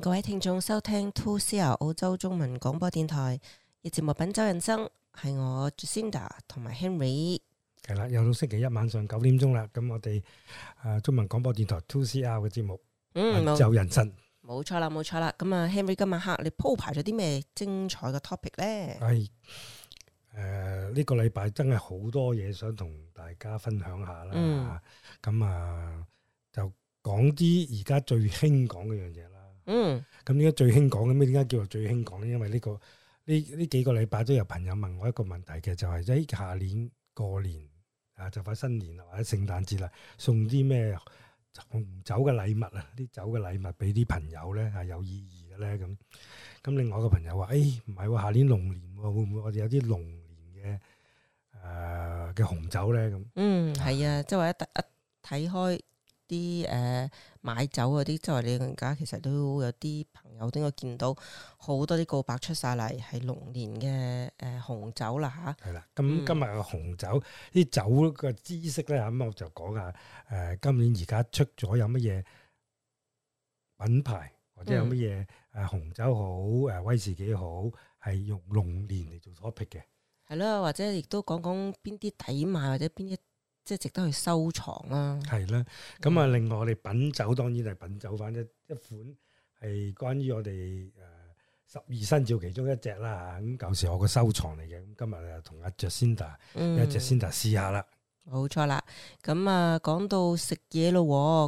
各位聽眾收聽 Two C R 澳洲中文廣播電台嘅節目《品酒人生》，係我 Jacinda 同埋 Henry。係啦，又到星期一晚上九點鐘啦，咁我哋誒、啊、中文廣播電台 Two C R 嘅節目《嗯品酒、啊、人生》。冇錯啦，冇錯啦。咁啊，Henry 今晚黑你鋪排咗啲咩精彩嘅 topic 咧？係誒、哎、呢、呃這個禮拜真係好多嘢想同大家分享下啦。咁、嗯、啊，就講啲而家最興講嘅樣嘢。嗯，咁點解最興講咁樣，點解叫做最興講咧？因為呢、呢個呢呢幾個禮拜都有朋友問我一個問題嘅，就係誒下年過年啊，就快新年啦，或者聖誕節啦，送啲咩紅酒嘅禮物,禮物啊，啲酒嘅禮物俾啲朋友咧係有意義嘅咧。咁咁，另外一個朋友話：誒、哎，唔係喎，下年龍年喎，會唔會我哋有啲龍年嘅誒嘅紅酒咧？咁嗯，係啊，即係話一一睇開啲誒。呃買酒嗰啲，即係你而家其實都有啲朋友應該見到好多啲告白出晒嚟，係龍年嘅誒、呃、紅酒啦嚇。係啦、嗯，咁今日嘅紅酒啲酒嘅知識咧，咁我就講下誒今年而家出咗有乜嘢品牌或者有乜嘢誒紅酒好誒、嗯、威士忌好，係用龍年嚟做 topic 嘅。係咯，或者亦都講講邊啲抵買或者邊啲。即係值得去收藏啦、啊，係啦。咁啊，另外我哋品酒，當然係品酒翻一一款係關於我哋誒十二生肖其中一隻啦。咁舊時我個收藏嚟嘅，咁今日啊同阿 Jacinda、阿 Jacinda 試下啦。冇錯啦，咁啊講到食嘢咯，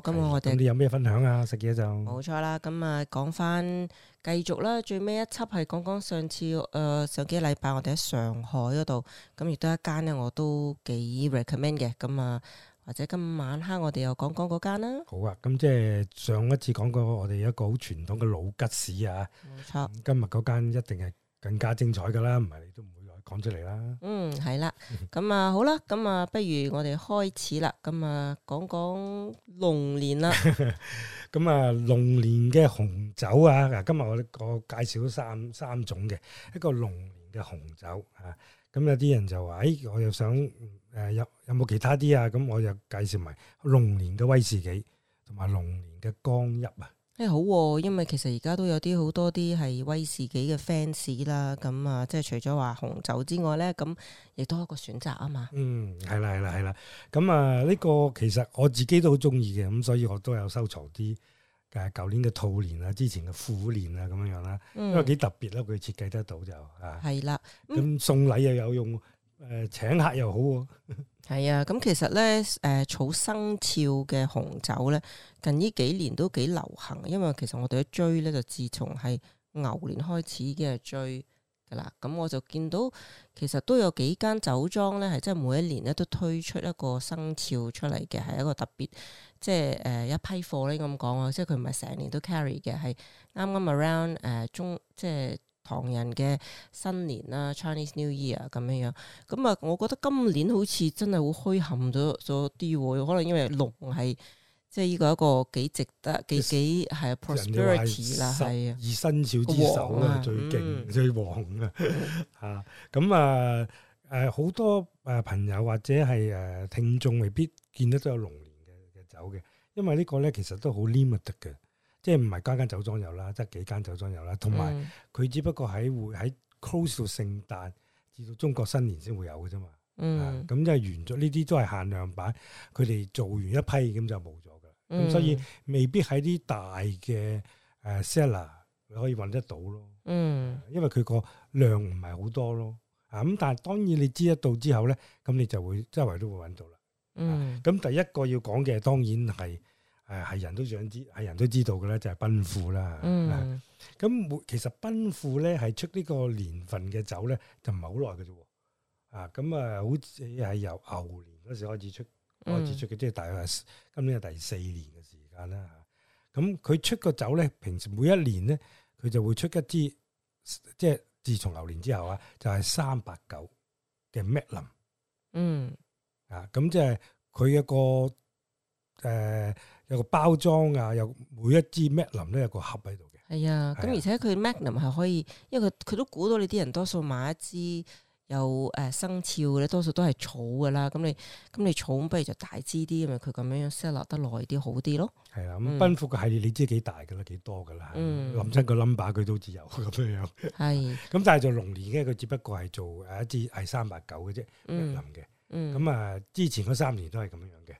咁我哋，你有咩分享啊？食嘢就冇錯啦，咁啊講翻繼續啦，最尾一輯係講講上次誒上幾禮拜我哋喺上海嗰度，咁亦都一間咧我都幾 recommend 嘅，咁啊或者今晚黑我哋又講講嗰間啦。好啊，咁即係上一次講過我哋有一個好傳統嘅老吉士啊，冇錯，今日嗰間一定係更加精彩噶啦，唔係你都唔。講出嚟啦、嗯，嗯係啦，咁啊好啦，咁啊不如我哋開始啦，咁啊講講龍年啦，咁啊龍年嘅紅酒啊，嗱今日我個介紹三三種嘅，一個龍年嘅紅酒啊，咁有啲人就話，誒我又想誒、呃、有有冇其他啲啊，咁我就介紹埋龍年嘅威士忌同埋龍年嘅干邑啊。欸、好、啊，因為其實而家都有啲好多啲係威士忌嘅 fans 啦，咁啊，即係除咗話紅酒之外咧，咁亦都一個選擇啊嘛嗯。嗯，係啦係啦係啦，咁啊呢個其實我自己都好中意嘅，咁所以我都有收藏啲誒舊年嘅兔年啊，之前嘅虎年啊，咁樣樣啦，因為幾特別咯，佢設計得到就啊。係啦，咁、嗯、送禮又有用，誒、呃、請客又好、啊。 係啊，咁、嗯、其實咧，誒、呃、草生肖嘅紅酒咧，近呢幾年都幾流行，因為其實我哋一追咧，就自從係牛年開始已經係追噶啦。咁、嗯嗯、我就見到其實都有幾間酒莊咧，係即係每一年咧都推出一個生肖出嚟嘅，係一個特別，即係誒、呃、一批貨咧咁講啊，即係佢唔係成年都 carry 嘅，係啱啱 around 誒、呃、中即係。唐人嘅新年啦，Chinese New Year 咁樣樣，咁啊，我覺得今年好似真係好墟冚咗咗啲喎，可能因為龍係，即係呢個一個幾值得幾幾係 prosperity 啦，係啊，以生肖之首啊最勁，最旺啊嚇，咁啊誒好多誒朋友或者係誒聽眾未必見得都有龍年嘅嘅酒嘅，因為呢個咧其實都好 limit 嘅。即係唔係間間酒莊有啦，得幾間酒莊有啦，同埋佢只不過喺會喺 close 到聖誕至到中國新年先會有嘅啫嘛。咁即係原作呢啲都係限量版，佢哋做完一批咁就冇咗㗎喇。咁所以未必喺啲大嘅誒 seller 你可以揾得到咯。嗯，嗯嗯因為佢個量唔係好多咯。啊咁，但係當然你知得到之後咧，咁你就會周圍都會揾到啦、啊。嗯，咁、嗯嗯、第一個要講嘅當然係。誒係、啊、人都想知，係人都知道嘅咧，就係、是、奔富啦。嗯，咁每、啊、其實奔富咧係出呢個年份嘅酒咧，就唔係好耐嘅啫。啊，咁啊，好似係由牛年嗰時開始出，嗯、開始出嘅，即係大概今年係第四年嘅時間啦。咁、啊、佢、啊啊啊、出個酒咧，平時每一年咧，佢就會出一支，即係自從牛年之後啊，就係、是、三八九嘅 Magnum 嗯啊。啊，咁、啊啊、即係佢一個。誒、呃，有個包裝啊，有每一支 Magnum 都有個盒喺度嘅。係啊，咁而且佢 Magnum 係可以，因為佢佢都估到你啲人多數買一支有誒生肖咧，多數都係草噶啦。咁你咁你草不如就大支啲，嘛，佢咁樣樣 sell 得耐啲，好啲咯。係啊，咁奔富嘅系列你知幾大噶啦，幾多噶啦，諗親、嗯、個 number 佢都自由。咁樣樣是。係。咁但係做龍年嘅佢只不過係做誒一支係三百九嘅啫 Magnum 嘅，嗯。嗯。咁啊，之前嗰三年都係咁樣樣嘅。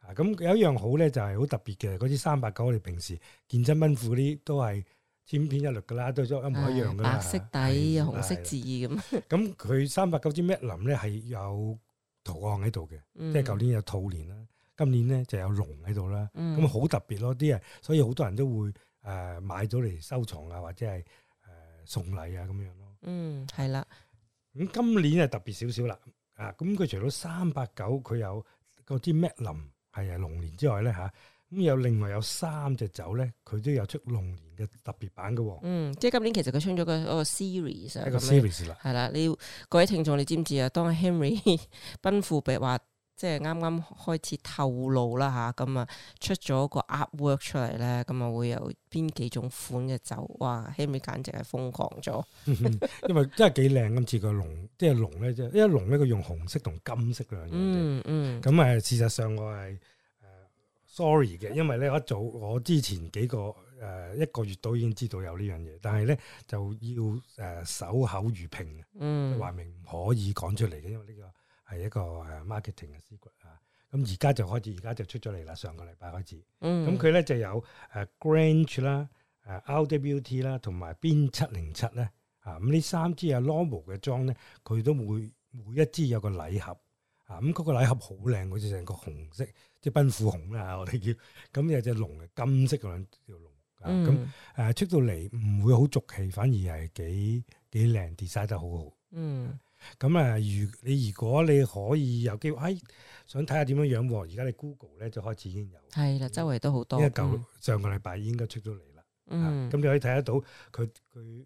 啊，咁有一樣好咧，就係、是、好特別嘅。嗰啲三百九，我哋平時健身襯褲啲都係千篇一律㗎啦，都一模一樣嘅。白色底有對紅色字咁。咁 佢三百九支 m a 麥林咧，係有圖案喺度嘅，嗯、即係舊年有兔年啦，今年咧就有龍喺度啦。咁好、嗯、特別咯，啲人所以好多人都會誒買咗嚟收藏啊，或者係誒、呃、送禮啊咁樣咯。嗯，係啦。咁今年係特別少少啦。啊，咁佢除咗三百九，佢有嗰支麥林。係啊，龍年之外咧吓，咁、啊、有另外有三隻酒咧，佢都有出龍年嘅特別版嘅、哦。嗯，即係今年其實佢出咗個個 series 一個 series 啦、啊，係啦、嗯，你各位聽眾你知唔知啊？當阿 Henry 奔赴白話。即係啱啱開始透露啦吓，咁、嗯、啊出咗個 artwork 出嚟咧，咁啊會有邊幾種款嘅酒？哇！希美簡直係瘋狂咗、嗯，因為真係幾靚咁似個龍，即係龍咧，即係因為龍咧，佢用紅色同金色兩樣嘢、嗯。嗯嗯。咁啊，事實上我係誒、呃、sorry 嘅，因為咧我一早我之前幾個誒、呃、一個月都已經知道有呢樣嘢，但係咧就要誒、呃、守口如瓶嘅，即、嗯、話明唔可以講出嚟嘅，因為呢、這個。係一個誒 marketing 嘅 secret 啊，咁而家就開始，而家就出咗嚟啦。上個禮拜開始，咁佢咧就有誒 Grange 啦、誒 RWT 啦，同埋 Bin 707咧啊。咁呢三支係 Norma 嘅裝咧，佢都每每一支有個禮盒啊。咁嗰個禮盒好靚，好似成個紅色，即係奔富紅啦，我哋叫。咁有隻龍嘅金色嗰兩條龍啊。咁誒出到嚟唔會好俗氣，反而係幾幾靚，design 得好好。嗯。咁啊，如你如果你可以有機會，哎，想睇下點樣樣喎？而家你 Google 咧，就開始已經有係啦，周圍都好多。因為上個禮拜已經出咗嚟啦。嗯，咁你、啊、可以睇得到佢佢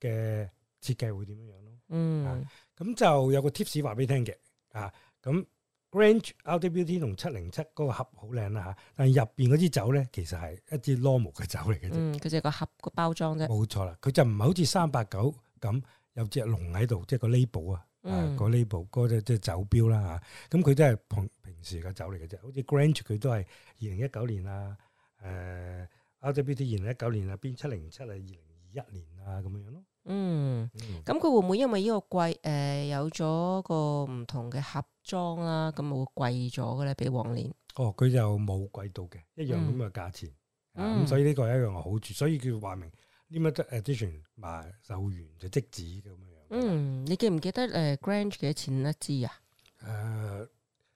嘅設計會點樣樣咯。嗯，咁、啊、就有個 tips 話俾你聽嘅。啊，咁 Grange RWT 同七零七嗰個盒好靚啦吓，但係入邊嗰支酒咧，其實係一支 normal 嘅酒嚟嘅啫。佢、嗯、就係個盒個包裝啫。冇錯啦，佢就唔係好似三百九咁。有隻龍喺度，即係個 label、嗯、啊，個 label 嗰隻即係酒標啦嚇。咁、啊、佢都係平平時嘅酒嚟嘅啫。好似 Grange 佢都係二零一九年啊，誒、呃、R W T 二零一九年啊，Bin 七零七啊，二零二一年啊咁樣咯。嗯，咁佢、嗯、會唔會因為呢個貴誒、呃、有咗個唔同嘅盒裝啦，咁會貴咗嘅咧？比往年。哦，佢就冇貴到嘅，一樣咁嘅價錢。咁、嗯嗯啊、所以呢個係一樣嘅好處，所以叫話明。啲乜嘅 edition 賣售完就即止咁樣。嗯，你記唔記得誒，Grange 幾多錢一支啊？誒，呢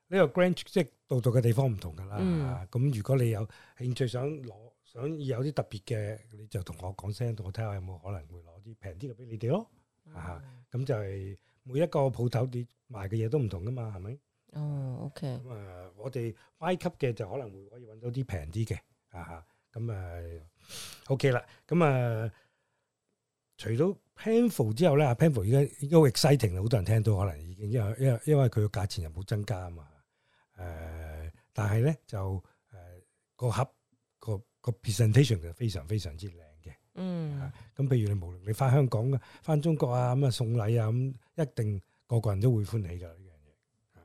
個 Grange 即係到到嘅地方唔同噶啦吓。咁如果你有興趣想攞，想有啲特別嘅，你就同我講聲，同我睇下有冇可能會攞啲平啲嘅俾你哋咯。啊，咁就係每一個鋪頭你賣嘅嘢都唔同噶嘛，係咪？哦，OK。咁啊，我哋 Y 級嘅就可能會可以揾到啲平啲嘅。啊，咁啊。O K 啦，咁、okay 嗯、啊，除咗 Penfolds 之後咧，Penfolds 而家已經 very exciting 啦，好多人聽到，可能已經因為因為因為佢個價錢又冇增加啊嘛，誒、呃，但係咧就誒個、呃、盒個個 presentation 就非常非常之靚嘅，嗯，咁譬、啊、如你無論你翻香港、翻中國啊，咁、嗯、啊送禮啊，咁、嗯、一定個個人都會歡喜噶呢樣嘢。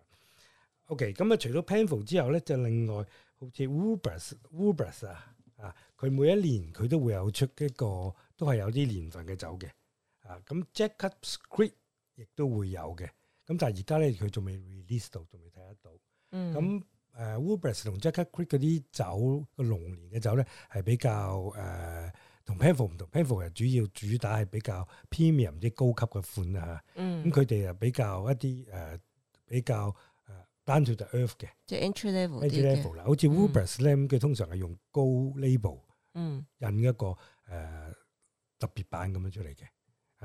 O K，咁啊，除咗 Penfolds 之後咧，就另外好似 Uber 啊。佢每一年佢都會有出一個都係有啲年份嘅酒嘅，啊咁 Jacob's Creek 亦都會有嘅。咁但係而家咧佢仲未 release 到，仲未睇得到。嗯。咁誒 Wubers 同 Jacob's Creek 嗰啲酒個龍年嘅酒咧係比較誒同 Pavlo 唔同。Pavlo 係主要主打係比較 premium 啲高級嘅款啊。嗯。咁佢哋又比較一啲誒比較誒 down to earth 嘅，即係 entry level。entry level 啦，好似 Wubers 咧咁，佢通常係用高 label。印一個誒特別版咁樣出嚟嘅，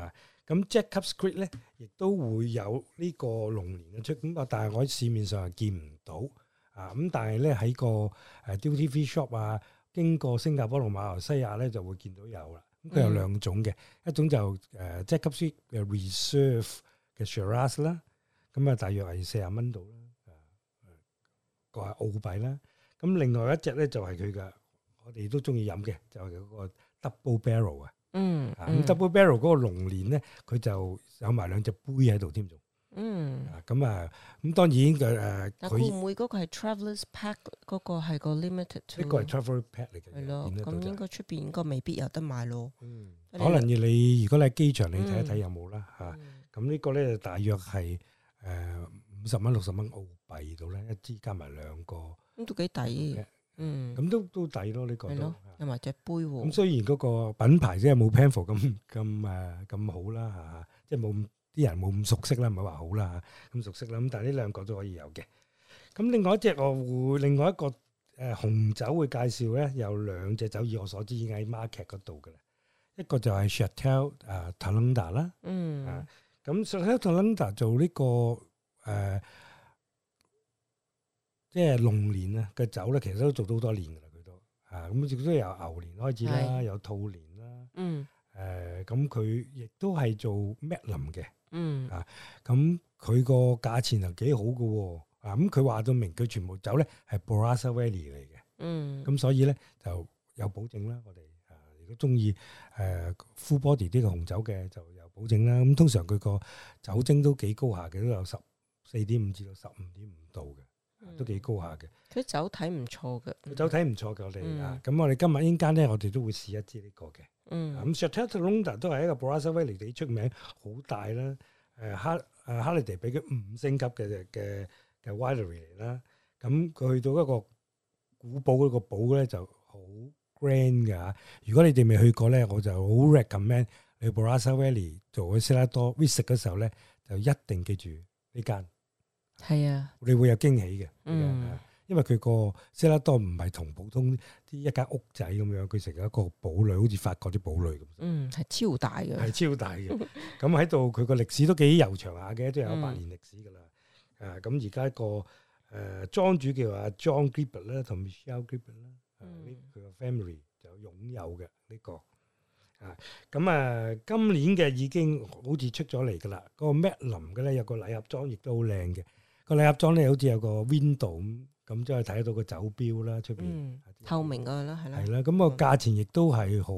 啊咁 Jacob's Creek 咧亦都會有呢個龍年嘅出咁，但係我喺市面上係見唔到啊。咁但係咧喺個誒 Duty Free Shop 啊，經過新加坡同馬來西亞咧就會見到有啦。咁佢有兩種嘅，一種就誒 Jacob's Creek 嘅 Reserve 嘅 Shiraz 啦，咁啊大約係四啊蚊度啦，個係澳幣啦。咁另外一隻咧就係佢嘅。我哋都中意飲嘅，就係、是、嗰個 double barrel、嗯、啊。嗯。咁 double barrel 嗰個龍年咧，佢就有埋兩隻杯喺度添，嗯。咁啊、嗯，咁當然嘅誒，佢唔會嗰個係 travelers pack 嗰個係個 limited。呢個係 travelers pack 嚟嘅。係咯，咁應該出邊應該未必有得買咯。嗯、可能要你，如果你喺機場，你睇一睇有冇啦嚇。咁、嗯啊、呢個咧，大約係誒五十蚊、六十蚊澳幣到咧，一支加埋兩個。咁都幾抵。嗯，咁都都抵咯呢個，又或者隻杯喎。咁雖然嗰個品牌即係冇 Penfolds 咁咁誒咁好啦嚇，即係冇啲人冇咁熟悉啦，唔係話好啦，咁熟悉啦。咁但係呢兩個都可以有嘅。咁另外一隻我會另外一個誒紅酒會介紹咧，有兩隻酒，以我所知已經喺 market 嗰度嘅啦。一個就係 Chateau 誒 Tanunda 啦，嗯啊，咁 Chateau Tanunda 做呢個誒。即係龍年啊，嘅酒咧，其實都做咗好多年噶啦，佢都啊，咁亦都由牛年開始啦，是有兔年啦，嗯、呃，誒，咁佢亦都係做 m a l i 嘅，嗯啊，咁佢個價錢啊幾好噶，啊，咁佢話到明，佢全部酒咧係 Barossa Valley 嚟嘅，嗯，嗯，咁所以咧就有保證啦，我哋啊，如果中意誒 full body 啲嘅紅酒嘅，就有保證啦。咁通常佢個酒精都幾高下嘅，都有十四點五至到十五點五度嘅。都幾高下嘅，佢酒體唔錯嘅，酒、嗯、體唔錯嘅，我哋啊，咁我哋今日呢間咧，我哋都會試一支呢個嘅、嗯啊啊啊。嗯，咁 Chateau Tanunda 都係一個 Barossa Valley 幾出名，好大啦。誒，Hel Halliday 俾佢五星級嘅嘅嘅 Winery 嚟啦。咁佢去到一個古堡嗰、那個堡咧，就好 grand 嘅嚇、啊。如果你哋未去過咧，我就好 recommend 你去 Barossa Valley 做去 cellar door visit 嘅時候咧，就一定記住呢間。係啊，你會有驚喜嘅，嗯、因為佢個塞拉多唔係同普通啲一間屋仔咁樣，佢成一個堡壘，好似法國啲堡壘咁。嗯，係超大嘅，係超大嘅。咁喺度，佢個歷史都幾悠長下嘅，都有百年歷史噶啦。誒、嗯，咁而家個誒莊主叫阿 John Gribble 啦，同 Michelle Gribble 啦，佢個 family 就擁有嘅呢、這個。啊，咁啊，今年嘅已經好似出咗嚟噶啦，那個 Matt 林嘅咧有個禮盒裝，亦都好靚嘅。個禮盒裝咧，好似有個 window 咁，咁即係睇到個酒標啦出邊。透明個咯，係啦。係啦，咁、個價錢亦都係好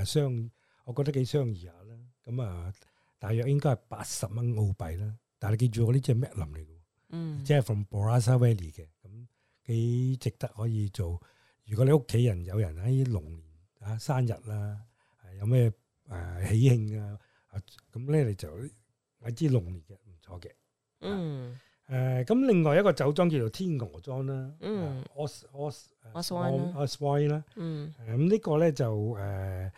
誒相，我覺得幾相宜下啦。咁啊，大約應該係八十蚊澳幣啦。但係你記住我隻，我呢隻係 Merlot 嚟嘅，嗯，即係 from Barossa Valley 嘅，咁幾值得可以做。如果你屋企人有人喺龍年啊生日啦、啊，有咩誒、啊、喜慶啊，咁咧你就買支龍年嘅唔錯嘅，啊、嗯。誒咁、呃，另外一個酒莊叫做天鵝莊啦，嗯，Os Os Os w i y 啦，嗯，咁、啊、呢、呢、嗯、個咧就誒係、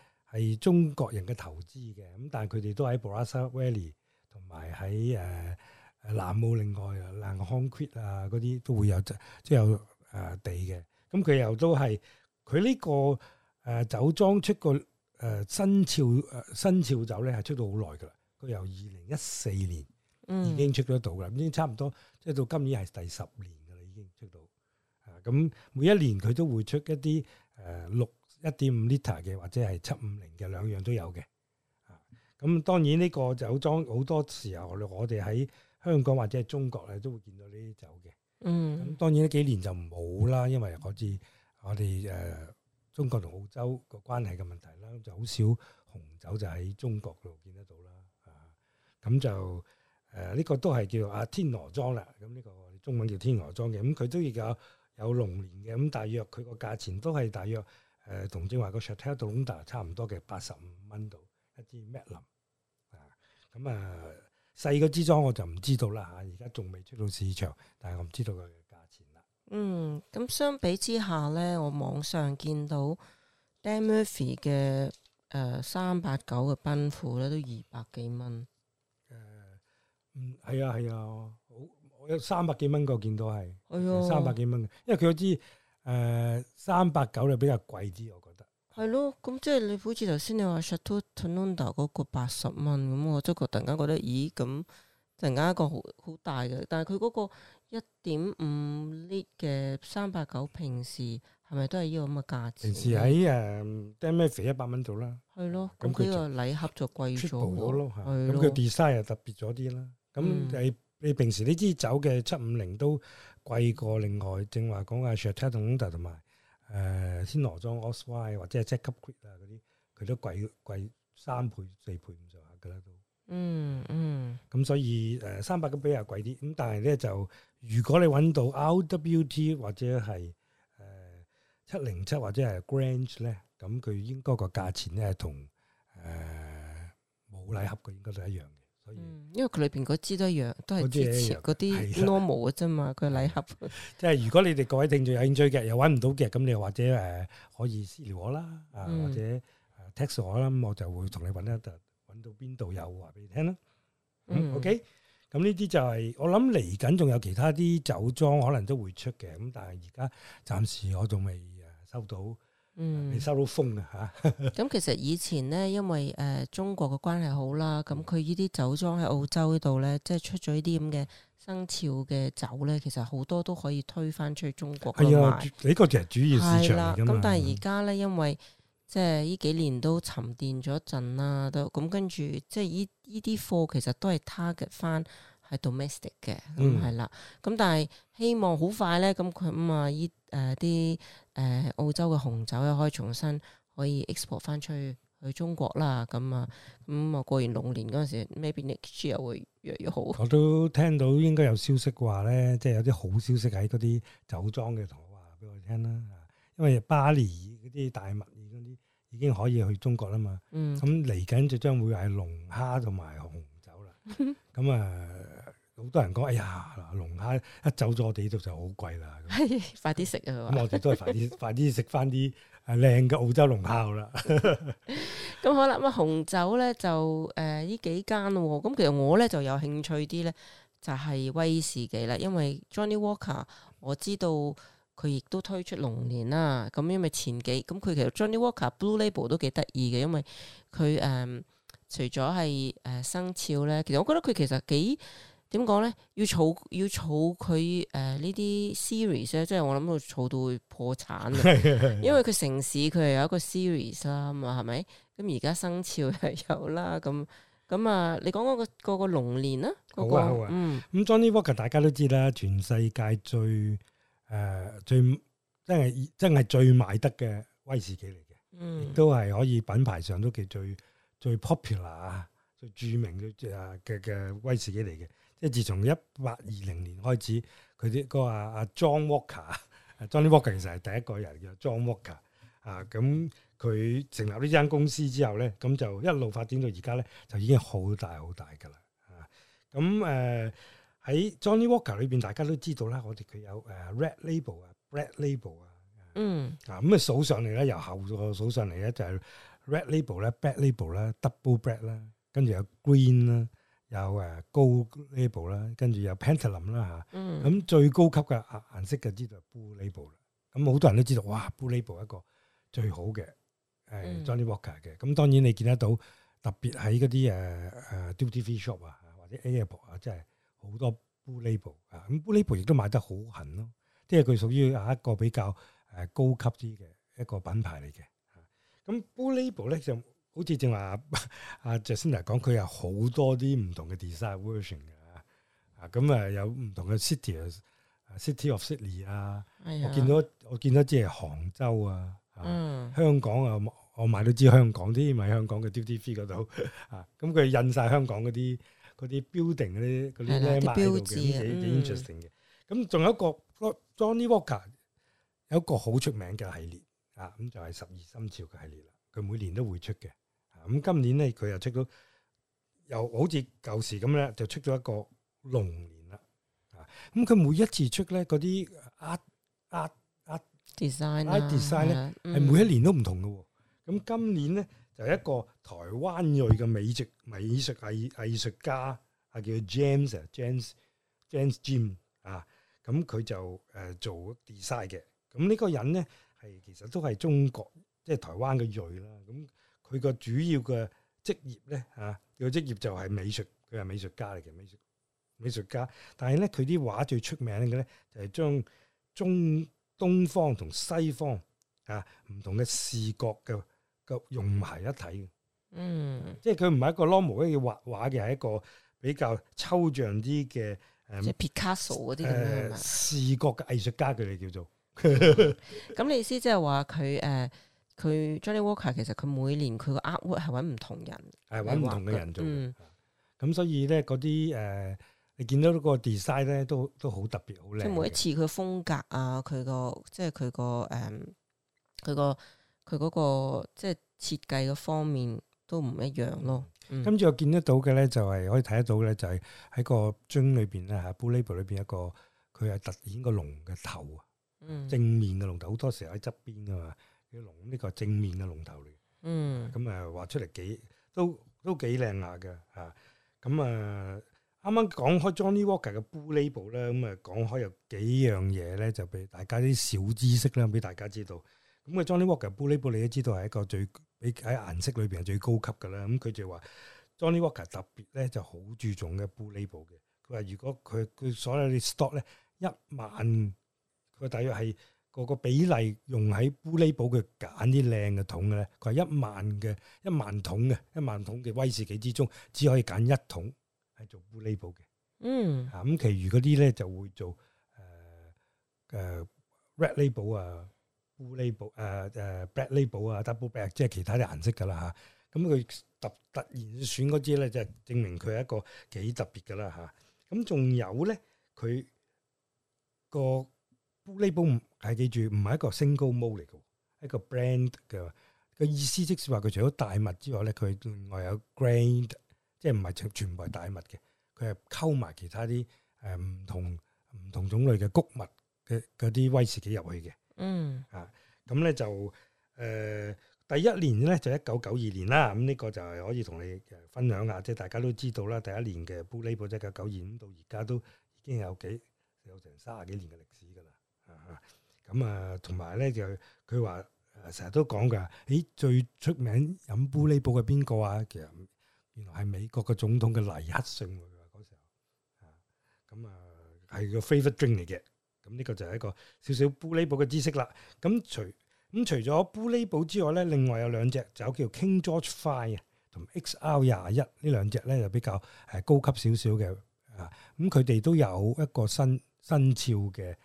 呃、中國人嘅投資嘅，咁但係佢哋都喺 Barossa Valley 同埋喺誒南澳另外南康 Creek 啊嗰啲都會有即即有誒、啊、地嘅，咁、嗯、佢又都係佢呢個誒、呃、酒莊出個誒、呃、生肖誒生肖酒咧係出到好耐㗎啦，佢由二零一四年。嗯、已經出得到啦，已經差唔多，即係到今年係第十年㗎啦，已經出到。啊，咁每一年佢都會出一啲誒六一點五 liter 嘅，或者係七五零嘅兩樣都有嘅。啊，咁、嗯嗯、當然呢個酒莊好多時候我哋喺香港或者係中國咧都會見到呢啲酒嘅。嗯、啊。咁當然呢幾年就冇啦，因為我知我哋誒、呃、中國同澳洲個關係嘅問題啦，就好少紅酒就喺中國度見得到啦。啊，咁、啊、就。嗯嗯誒呢、啊，這個都係叫阿天鵝莊啦，咁、這、呢個中文叫天鵝莊嘅，咁佢都亦有有龍年嘅，咁、嗯、大約佢個價錢都係大約誒同正話個 Chateau Tanunda 差唔多嘅，八十五蚊到一支 m e t 林啊，咁啊細、啊、個支裝我就唔知道啦嚇，而家仲未出到市場，但係我唔知道佢嘅價錢啦。嗯，咁相比之下咧，我網上見到 Dan Murphy 嘅誒三百九嘅奔富咧都二百幾蚊。嗯，係啊，係啊，好，有、哎、呦三百幾蚊個，見到係，係三百幾蚊嘅，因為佢嗰支誒三百九就比較貴啲，我覺得。係咯，咁即係你好似頭先你話 Château Tanunda 嗰個八十蚊咁，我都覺突然間覺得咦，咦、欸、咁，突然間一個好好大嘅，但係佢嗰個一點五 lit 嘅三百九，平時係咪都係依個咁嘅價錢？平時喺誒 Dan Murphy 一百蚊度啦。係、呃、咯，咁呢、嗯、個禮盒就貴咗，係咯，咁佢 design 又特別咗啲啦。咁誒，你、嗯、平時呢支酒嘅七五零都貴過另外，正話講阿 Chateau Tanunda 同同埋誒天鵝莊 Osway 或者 Jacob's Creek 啊啲，佢都貴貴三倍四倍咁上下嘅啦都。嗯嗯。咁、嗯嗯、所以誒三百幾比較貴啲，咁但係咧就如果你揾到 RWT 或者係誒七零七或者係 Grange 咧，咁佢應該個價錢咧同誒冇禮盒嘅應該就一樣嘅。嗯，因為佢裏邊嗰支都一樣，都係嗰啲 normal 嘅啫嘛，佢禮盒。 即係如果你哋各位聽眾有興趣嘅，又揾唔到嘅，咁你又或者誒、呃、可以私聊我啦，啊、嗯、或者 text 我啦，咁我就會同你揾一得，揾到邊度有話俾你聽啦。OK 咁呢啲就係、是、我諗嚟緊仲有其他啲酒莊可能都會出嘅，咁但係而家暫時我仲未誒收到。嗯，收到風啊嚇！咁、嗯、其實以前咧，因為誒、呃、中國嘅關係好啦，咁佢依啲酒莊喺澳洲呢度咧，即係出咗依啲咁嘅生肖嘅酒咧，其實好多都可以推返出中國。哎、呢啊，個就係主要市場，咁但係而家咧，因為即係呢幾年都沉澱咗陣啦，都咁跟住即係依依啲貨其實都係 target 翻喺 domestic 嘅，係啦、嗯。咁但係希望好快咧，咁佢咁啊依。嗯誒啲誒澳洲嘅紅酒又可以重新可以 export 翻出去去中國啦，咁啊咁啊過完龍年嗰陣時，maybe next year 會越嚟越好。我都聽到應該有消息話咧，即係有啲好消息喺嗰啲酒莊嘅同學話俾我聽啦，因為巴黎嗰啲大麥嗰啲已經可以去中國啦嘛，咁嚟緊就將會係龍蝦同埋紅酒啦，咁啊、 嗯、～好多人講，哎呀，龍蝦一走咗地度就好貴啦，快啲食啊！我哋都係快啲，快啲食翻啲靚嘅澳洲龍蝦啦。咁 好啦，咁紅酒咧就誒呢、呃、幾間、哦，咁其實我咧就有興趣啲咧，就係威士忌啦，因為 Johnny Walker 我知道佢亦都推出龍年啦，咁因為前幾咁佢其實 Johnny Walker Blue Label 都幾得意嘅，因為佢誒、呃、除咗係誒生肖咧，其實我覺得佢其實幾。點講咧？要儲要儲佢誒呢啲 series 咧，即係我諗到儲到會破產 因為佢城市佢係有一個 series 啦嘛，係咪？咁而家生肖又有啦，咁咁啊！你講嗰、嗰個、嗰個龍年啦，好、那、啊、個、好啊，咁、嗯、Johnnie Walker 大家都知啦，全世界最誒、呃、最真係真係最賣得嘅威士忌嚟嘅，亦都係可以品牌上都叫最最 popular 啊，最著名嘅嘅嘅威士忌嚟嘅。即係自從一八二零年開始，佢啲個阿、啊、阿、啊、John Walker、啊、John Walker 其實係第一個人叫 John Walker 啊。咁佢成立呢間公司之後咧，咁就一路發展到而家咧，就已經好大好大噶啦。啊，咁、啊、誒喺 John Walker 裏邊，大家都知道啦，我哋佢有誒 Red Label 啊 Black Label、嗯、啊，嗯啊，咁啊數上嚟咧，由後個數上嚟咧，就係、是、Red Label 啦 Black Label 啦 Double Black 啦，跟住有 Green 啦。有誒高 label 啦、啊，跟住有 Pantalim 啦嚇，咁最高級嘅顏色就知道 Blue Label 啦，咁好多人都知道，哇 Blue Label 一個最好嘅誒 Johnnie Walker 嘅，咁、嗯、當然你見得到特別喺嗰啲誒誒 Duty Free Shop 啊或者 Apple 啊，真係好多 Blue Label 啊，咁 Blue Label 亦都買得好狠咯、啊，即係佢屬於一個比較誒高級啲嘅一個品牌嚟嘅，嚇、啊，咁 Blue Label 咧就。好似正話阿 Jacinda 嚟講，佢有好多啲唔同嘅 design version 嘅，啊咁啊有唔同嘅 city 啊，city of Sydney 啊，我見到我見到即係杭州啊，嗯，香港啊，我買咗支香港啲，咪香港嘅 duty free 嗰度啊，咁佢印晒香港嗰啲嗰啲 building 嗰啲嗰啲咧賣嘅，幾幾 interesting 嘅。咁仲有一個 Johnny Walker 有一個好出名嘅系列啊，咁就係十二生肖嘅系列啦，佢每年都會出嘅。咁今年咧，佢又出咗，又好似舊時咁咧，就出咗一個龍年啦。咁、嗯、佢每一次出咧，嗰啲 Art Art Art design 啊，design 咧係每一年都唔同嘅。咁、嗯嗯、今年咧就一個台灣裔嘅美籍美術藝藝術家，係叫 James James James Jim 啊。咁、嗯、佢就誒做 design 嘅。咁、嗯、呢、這個人咧係其實都係中國，即係台灣嘅裔啦。咁佢個主要嘅職業咧，吓佢職業就係美術，佢係美術家嚟嘅美術美術家。但係咧，佢啲畫最出名嘅咧，就係、是、將中東方同西方吓唔、啊、同嘅視覺嘅嘅融埋一體。嗯，即係佢唔係一個 normal 嘅畫畫嘅，係一個比較抽象啲嘅誒 Picasso 啲咁嘅視覺嘅藝術家，佢哋叫做。咁、嗯、 你意思即係話佢誒？呃佢 Johnny Walker 其實佢每年佢個 artwork 係揾唔同人，係揾唔同嘅人做。咁、嗯嗯、所以咧嗰啲誒，你見到嗰個 design 咧都都好特別，好靚。即每一次佢風格啊，佢個即係佢、嗯、個誒，佢、那個佢嗰個即係設計嘅方面都唔一樣咯。跟、嗯、住我見得到嘅咧、就係，就係可以睇得到咧，就係喺個樽裏邊咧，嚇、啊、Blue Label 裏邊一個，佢係突顯個龍嘅頭啊，嗯、正面嘅龍頭好多時候喺側邊噶嘛。嘅龍，呢個正面嘅龍頭嚟，嗯，咁誒話出嚟幾都都幾靚下嘅嚇，咁誒啱啱講開 Johnny Walker 嘅 Blue Label 咧、啊，咁誒講開有幾樣嘢咧，就俾大家啲小知識啦，俾大家知道。咁、嗯、啊，Johnny Walker Blue Label 你都知道係一個最，你喺顏色裏邊係最高級嘅啦。咁、啊、佢、嗯、就話 Johnny Walker 特別咧就好注重嘅 Blue Label 嘅。佢話如果佢佢所有啲 stock 咧一萬，佢大約係。個個比例用喺 Blue Label，佢揀啲靚嘅桶嘅咧，佢係一萬嘅一萬桶嘅一萬桶嘅威士忌之中，只可以揀一桶係做 Blue Label 嘅。嗯，啊咁，其餘嗰啲咧就會做誒誒 Red Label 啊，Blue Label 誒誒 Black Label 啊，Double Black 即係其他啲顏色㗎啦嚇。咁佢突突然選嗰支咧，就係、證明佢係一個幾特別㗎啦嚇。咁、啊、仲、嗯、有咧，佢個 Blue Label。係，但記住唔係一個 single malt 嚟嘅，一個 brand 嘅。個意思即是話佢除咗大麥之外咧，佢另外有 grain，即係唔係全部係大麥嘅，佢係溝埋其他啲誒唔同唔同種類嘅谷物嘅嗰啲威士忌入去嘅。嗯啊，咁咧就誒、呃、第一年咧就一九九二年啦。咁、嗯、呢、這個就係可以同你分享下，即係大家都知道啦。第一年嘅 Bulley 布九九二，咁到而家都已經有幾有成卅幾年嘅歷史㗎啦。啊！咁、嗯、啊，同埋咧就佢話，成日都講噶，誒最出名飲 Blue Label 嘅邊個啊？其實原來係美國嘅總統嘅尼克遜喎，嗰時候咁啊係個、嗯啊、favorite drink 嚟嘅。咁、嗯、呢、這個就係一個少少 Blue Label 嘅知識啦。咁、嗯、除咁、嗯、除咗 Blue Label 之外咧，另外有兩隻就叫 King George Five 啊，同 X R 廿一呢兩隻咧就比較誒高級少少嘅啊。咁佢哋都有一個新新潮嘅。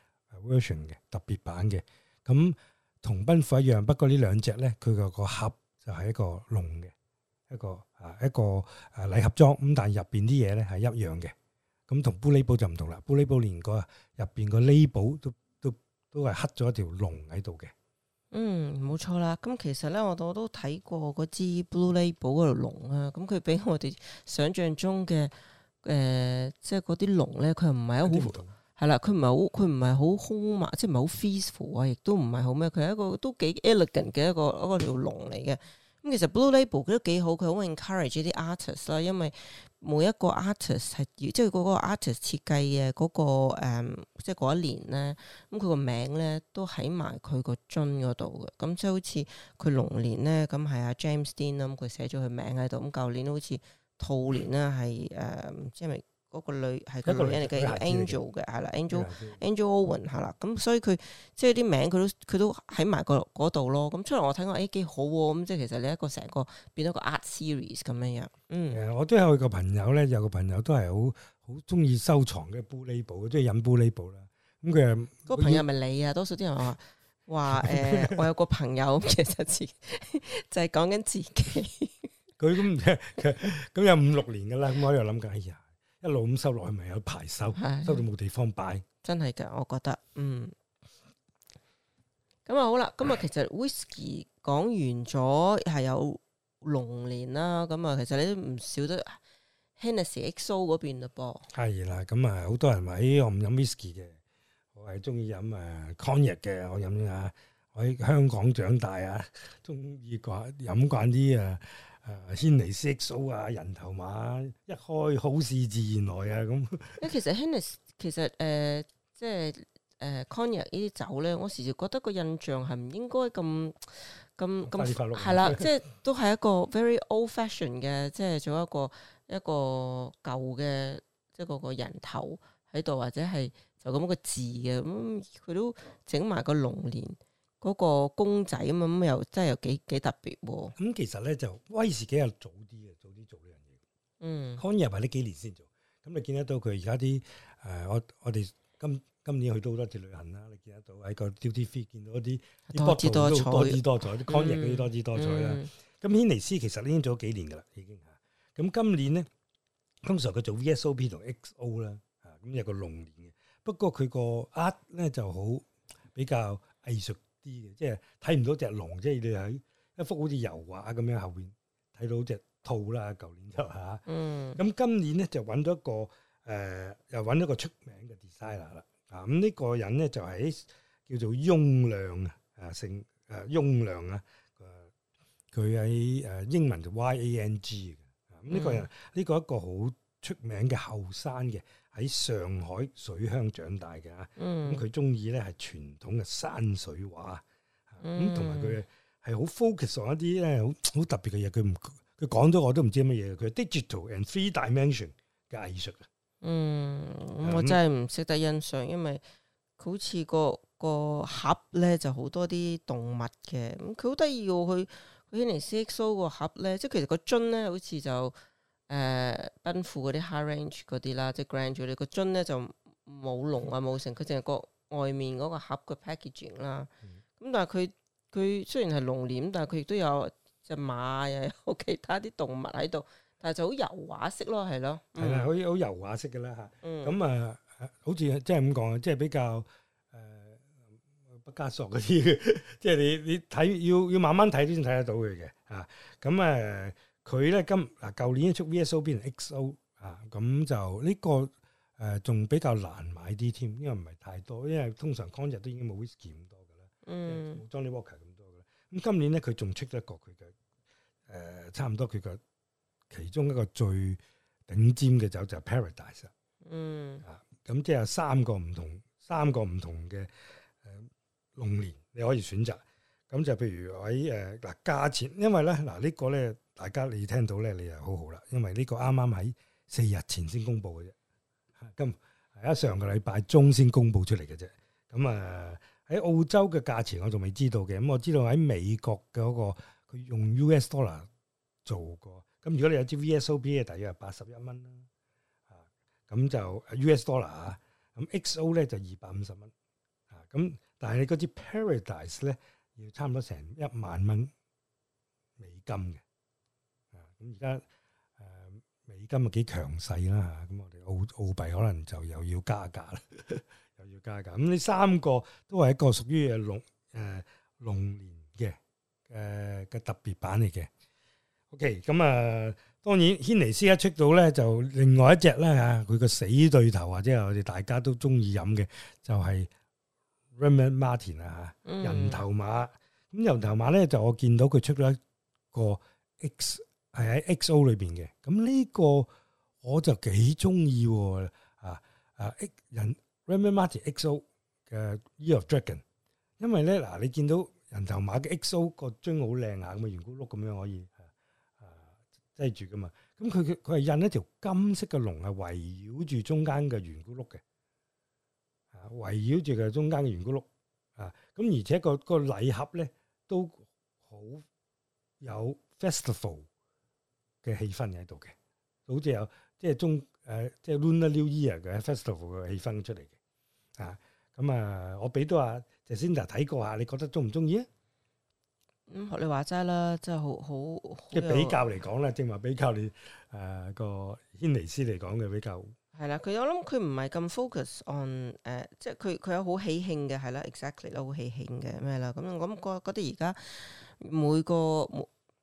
version 嘅特別版嘅，咁同奔富一樣，不過呢兩隻咧，佢個盒就係一個龍嘅，一個啊一個誒禮盒裝，咁但係入邊啲嘢咧係一樣嘅，咁同 Blue Label 就唔同啦，Blue Label 連個入邊個 label 都都都係刻咗條龍喺度嘅。嗯，冇錯、啊呃就是嗯、啦，咁、嗯、其實咧我我都睇過嗰支 Blue Label 嘅龍啊，咁佢俾我哋想象中嘅誒，即係嗰啲龍咧，佢唔係好。 係啦，佢唔係好，佢唔係好兇猛，即係唔係好 faithful 啊，亦都唔係好咩。佢係一個都幾 elegant 嘅一個 一個條龍嚟嘅。咁其實 Blue Label 佢都幾好，佢好 encourage 啲 artist 啦。因為每一個 artist 係，即係嗰個 artist 設計嘅嗰、那個、嗯、即係嗰一年咧，咁佢個名咧都喺埋佢個樽嗰度嘅。咁、嗯、即係好似佢龍年咧，咁係阿 James Dean 啦、嗯，佢寫咗佢名喺度。咁、嗯、舊年好似兔年啦，係誒唔知嗰個女係個女嚟嘅，叫 Angel 嘅，係啦，Angel，Angel Owen，係啦，咁、嗯、所以佢即係啲名佢都佢都喺埋個度咯。咁出嚟我睇過，哎、欸、幾好喎、啊！咁、嗯、即係其實你一個成個變咗個 Art Series 咁樣樣。嗯，呃、我都有個朋友咧，有個朋友都係好好中意收藏嘅 Blue Label 即係飲 Blue Label 啦。咁佢、嗯、個朋友咪你啊？多數啲人話話誒，呃、 我有個朋友，其實自就係、是、講緊自己。佢咁咁有五六年噶啦，咁我又諗緊，哎呃一路咁收落去，係咪有排收？收到冇地方擺？真係噶，我覺得，嗯。咁啊好啦，咁啊其實 whisky 講完咗係有龍年啦，咁啊其實你都唔少得 Hennessy XO 嗰邊嘞噃。係啦，咁啊好多人話，誒我唔飲 whisky 嘅，我係中意飲誒 cognac 嘅。我飲啊，我喺香港長大啊，中意慣飲慣啲啊。誒千里色蘇啊，人頭馬一開好事自然來啊！咁誒，其實 Henness 其實誒，即係誒 Cognac 呢啲酒咧，我時時覺得個印象係唔應該咁咁咁，係啦，即係都係一個 very old fashion 嘅，即係做一個一個舊嘅，即係個個人頭喺度，或者係就咁個字嘅咁，佢、嗯、都整埋個龍年。嗰個公仔啊咁又真係又幾幾特別喎、哦。咁其實咧就威士忌又早啲嘅，早啲做呢樣嘢。嗯，干邑又係呢幾年先做，咁你見得到佢而家啲誒，我我哋今今年去到好多次旅行啦，你見得到喺個 Duty Free 見到啲多姿多，多，多彩，多姿多彩啲干邑嗰啲多姿多彩啦。咁軒、啊嗯、尼詩其實已經做咗幾年噶啦，已經嚇。咁今年咧，通常佢做 VSOP 同 XO 啦、啊，嚇、嗯、咁、嗯、有個龍年嘅。不過佢個 art 咧就好比較藝術。啲嘅，即係睇唔到隻龍，即係你喺一幅好似油畫咁樣後邊睇到隻兔啦，舊年就嚇，咁、嗯、今年咧就揾咗一個誒、呃，又揾咗個出名嘅 designer 啦，啊咁呢、嗯、個人咧就係叫做翁亮、啊啊、亮啊，啊姓啊翁亮啊，佢喺誒英文就 Y.A.N.G 咁呢個人呢、呢個一個好出名嘅後生嘅。喺上海水鄉長大嘅啊，咁佢中意咧係傳統嘅山水畫，咁同埋佢係好 focus on 一啲咧好好特別嘅嘢。佢唔佢講咗我都唔知乜嘢。佢係 digital and three dimension 嘅藝術啊。嗯，嗯我真係唔識得欣賞，因為佢好似個個盒咧就好多啲動物嘅，咁佢好得意喎。佢佢 Hennessy XO 個盒咧，即係其實個樽咧，好似就～誒、呃、奔富嗰啲 high range 嗰啲啦，即係 grand 嘅、e、咧、呢個樽咧就冇龍啊冇成，佢淨係個外面嗰個盒個 packaging 啦。咁、嗯、但係佢佢雖然係龍臉，但係佢亦都有隻馬又有其他啲動物喺度，但係就好油畫色咯，係咯，係、嗯啊、啦，好似好油畫色嘅啦嚇。咁啊，好似即係咁講，即係比較誒畢、呃、加索嗰啲， 即係你你睇要要，要慢慢睇先睇得到佢嘅啊。咁啊～啊啊佢咧今嗱舊年一出 V S O 變成 X O 啊，咁就呢個誒、呃、仲比較難買啲添，因為唔係太多，因為通常 Cognac 都已經冇 whisky 咁多噶啦，冇、嗯、Johnnie Walker 咁多噶啦。咁、嗯、今年咧佢仲出咗一個佢嘅誒差唔多佢嘅其中一個最頂尖嘅酒就係 Paradise 啦、嗯。嗯啊，咁即係三個唔同三個唔同嘅誒、呃、龍年你可以選擇。咁、嗯、就譬如喺誒嗱價錢，因為咧嗱呢、呢個咧。呢呢呢呢呢大家你聽到咧，你又好好啦，因為呢個啱啱喺四日前先公佈嘅啫，咁喺上個禮拜中先公佈出嚟嘅啫。咁啊喺澳洲嘅價錢我仲未知道嘅，咁我知道喺美國嘅嗰個佢用 US dollar 做過，咁如果你有支 VSOP 咧，大約係八十一蚊啦，啊咁就 US dollar 啊，咁 XO 咧就二百五十蚊，啊咁但係你嗰支 Paradise 咧要差唔多成一萬蚊美金嘅。咁而家誒美金啊幾強勢啦吓，咁我哋澳澳幣可能就又要加價啦， 又要加價。咁呢三個都係一個屬於誒龍誒龍年嘅誒嘅特別版嚟嘅。OK，咁啊、呃，當然軒尼詩一出到咧，就另外一隻咧吓，佢、啊、個死對頭或者我哋大家都中意飲嘅就係、是、Remy Martin 啊吓，嗯、人頭馬。咁人頭馬咧就我見到佢出咗一個 X。係喺 XO 裏邊嘅，咁呢個我就幾中意啊！啊人，X 人 Remy Martin XO 嘅 Year of Dragon，因為咧嗱，你見到人頭馬嘅 XO 個樽好靚啊，咁嘅圓咕碌咁樣可以啊，擠住噶嘛，咁佢佢佢係印一條金色嘅龍，係圍繞住中間嘅圓咕碌嘅，啊，圍繞住嘅中間嘅圓咕碌啊，咁而且個個禮盒咧都好有 festival，嘅氣氛喺度嘅，好似有即係中誒，即係 Lunar New Year 嘅 Festival 嘅氣氛出嚟嘅，啊咁啊，我俾都話就先睇過下，你覺得中唔中意啊？咁學、嗯、你話齋啦，即係好好。即比較嚟講咧，正話比較你誒、啊、個軒尼斯嚟講嘅比較。係啦，佢我諗佢唔係咁 focus on 誒、呃，即係佢佢有好喜慶嘅係啦，exactly 啦，好喜慶嘅咩啦，咁咁覺覺得而家每個,每個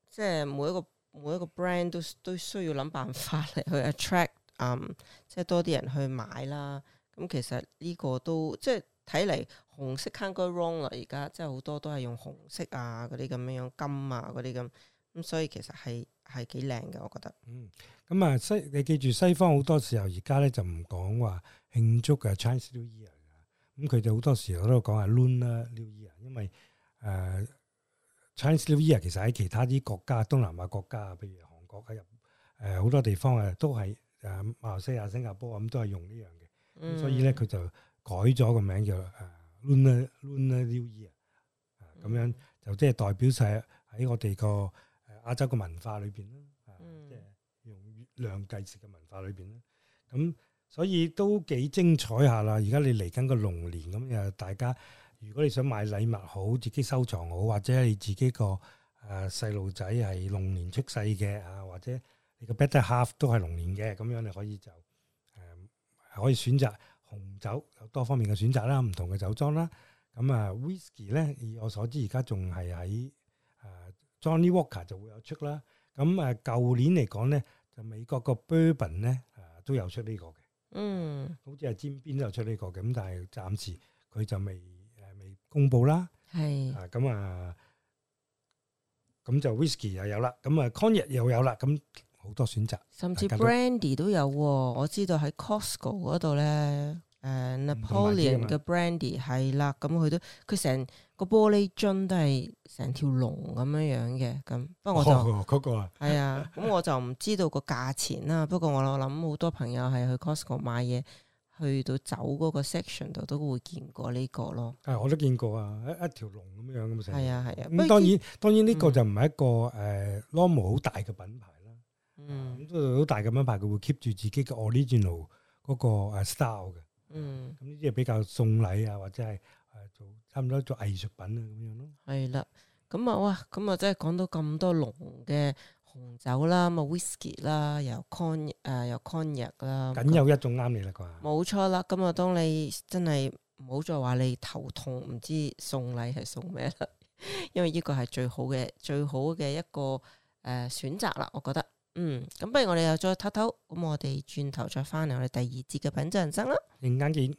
即係每一個。每一個 brand 都都需要諗辦法嚟去 attract，、嗯、即係多啲人去買啦。咁、嗯、其實呢個都即係睇嚟紅色 can't go wrong 啦而家即係好多都係用紅色啊，嗰啲咁樣金啊，嗰啲咁。咁、嗯、所以其實係係幾靚嘅，我覺得。嗯，咁啊西，你記住西方好多時候而家咧就唔講話慶祝嘅 Chinese New Year，咁佢哋好多時候都講係 Lunar New Year，因為誒。呃 Chinese New Year 其實喺其他啲國家，東南亞國家啊，譬如韓國喺日誒好、呃、多地方誒，都係誒馬來西亞、新加坡咁都係用樣、嗯、呢 Lunar, Lunar New Year,、啊、樣嘅，所以咧佢就改咗個名叫誒 Lunar Lunar New Year，咁樣就即係代表晒喺我哋個亞洲個文化裏邊啦，即係用月亮計時嘅文化裏邊啦。咁所以都幾精彩下啦。而家你嚟緊個龍年咁，又大家～如果你想買禮物好，自己收藏好，或者你自己個誒細路仔係龍年出世嘅啊，或者你個 better half 都係龍年嘅，咁樣你可以就誒、呃、可以選擇紅酒，有多方面嘅選擇啦，唔同嘅酒莊啦。咁啊 whiskey 咧，以我所知而家仲係喺誒 Johnny Walker 就會有出啦。咁啊，舊年嚟講咧，就美國個 bourbon 咧誒、啊、都有出呢個嘅。嗯，好似係尖邊都有出呢個嘅，咁但係暫時佢就未。公布啦，係咁是啊，咁、啊、就 whiskey 又有啦，咁啊 cognac 又有啦，咁好、嗯嗯啊、多選擇，甚至 brandy 都有，啊。我知道喺 Costco 嗰度咧，誒、嗯啊、Napoleon 嘅 brandy 係啦，咁佢都佢成個玻璃樽都係成條龍咁樣樣嘅，咁不過我就嗰、哦那個係啊，咁、 啊、我就唔知道個價錢啦。不過我諗好多朋友係去 Costco 買嘢。.去到走嗰個 section 度都會見過呢個咯，係、嗯、我都見過啊，一一條龍咁樣咁啊，啊係啊，咁、啊嗯、當然當然呢個就唔係一個誒 normal 好大嘅品牌啦、嗯嗯嗯，嗯，咁好大嘅品牌佢會 keep 住自己嘅 original 嗰個 style 嘅，嗯，咁呢啲係比較送禮啊或者係誒做差唔多做藝術品啊咁樣咯。係啦，咁、嗯、啊哇，咁啊真係講到咁多龍嘅。紅酒啦，咁啊 whisky 啦，又干邑，呃，又干邑啦。僅有一種啱你啦，啩。冇錯啦，咁啊，當你真係唔好再話你頭痛，唔知送禮係送咩啦，因為呢個係最好嘅，最好嘅一個誒、呃、選擇啦，我覺得。嗯，咁不如我哋又再偷偷，咁我哋轉頭再返嚟我哋第二節嘅品酒人生啦。陣間見。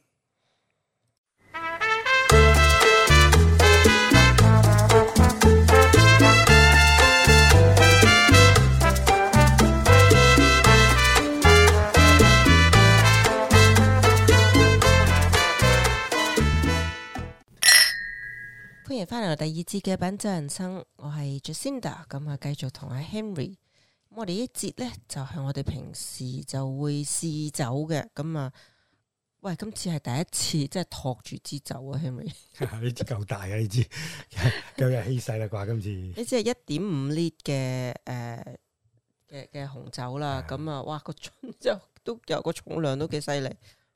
歡迎翻嚟我第二節嘅品酒人生，我係 Jacinda，咁、嗯、啊繼續同阿 Henry，、嗯、我哋呢節咧就係、是、我哋平時就會試酒嘅，咁、嗯、啊，喂，今次係第一次，即係托住支酒啊，Henry，呢支夠大啊，呢支夠有氣勢啦啩，今次呢支係一點五 lit 嘅誒嘅嘅紅酒啦，咁啊，哇，個樽就都有個重量都幾犀利，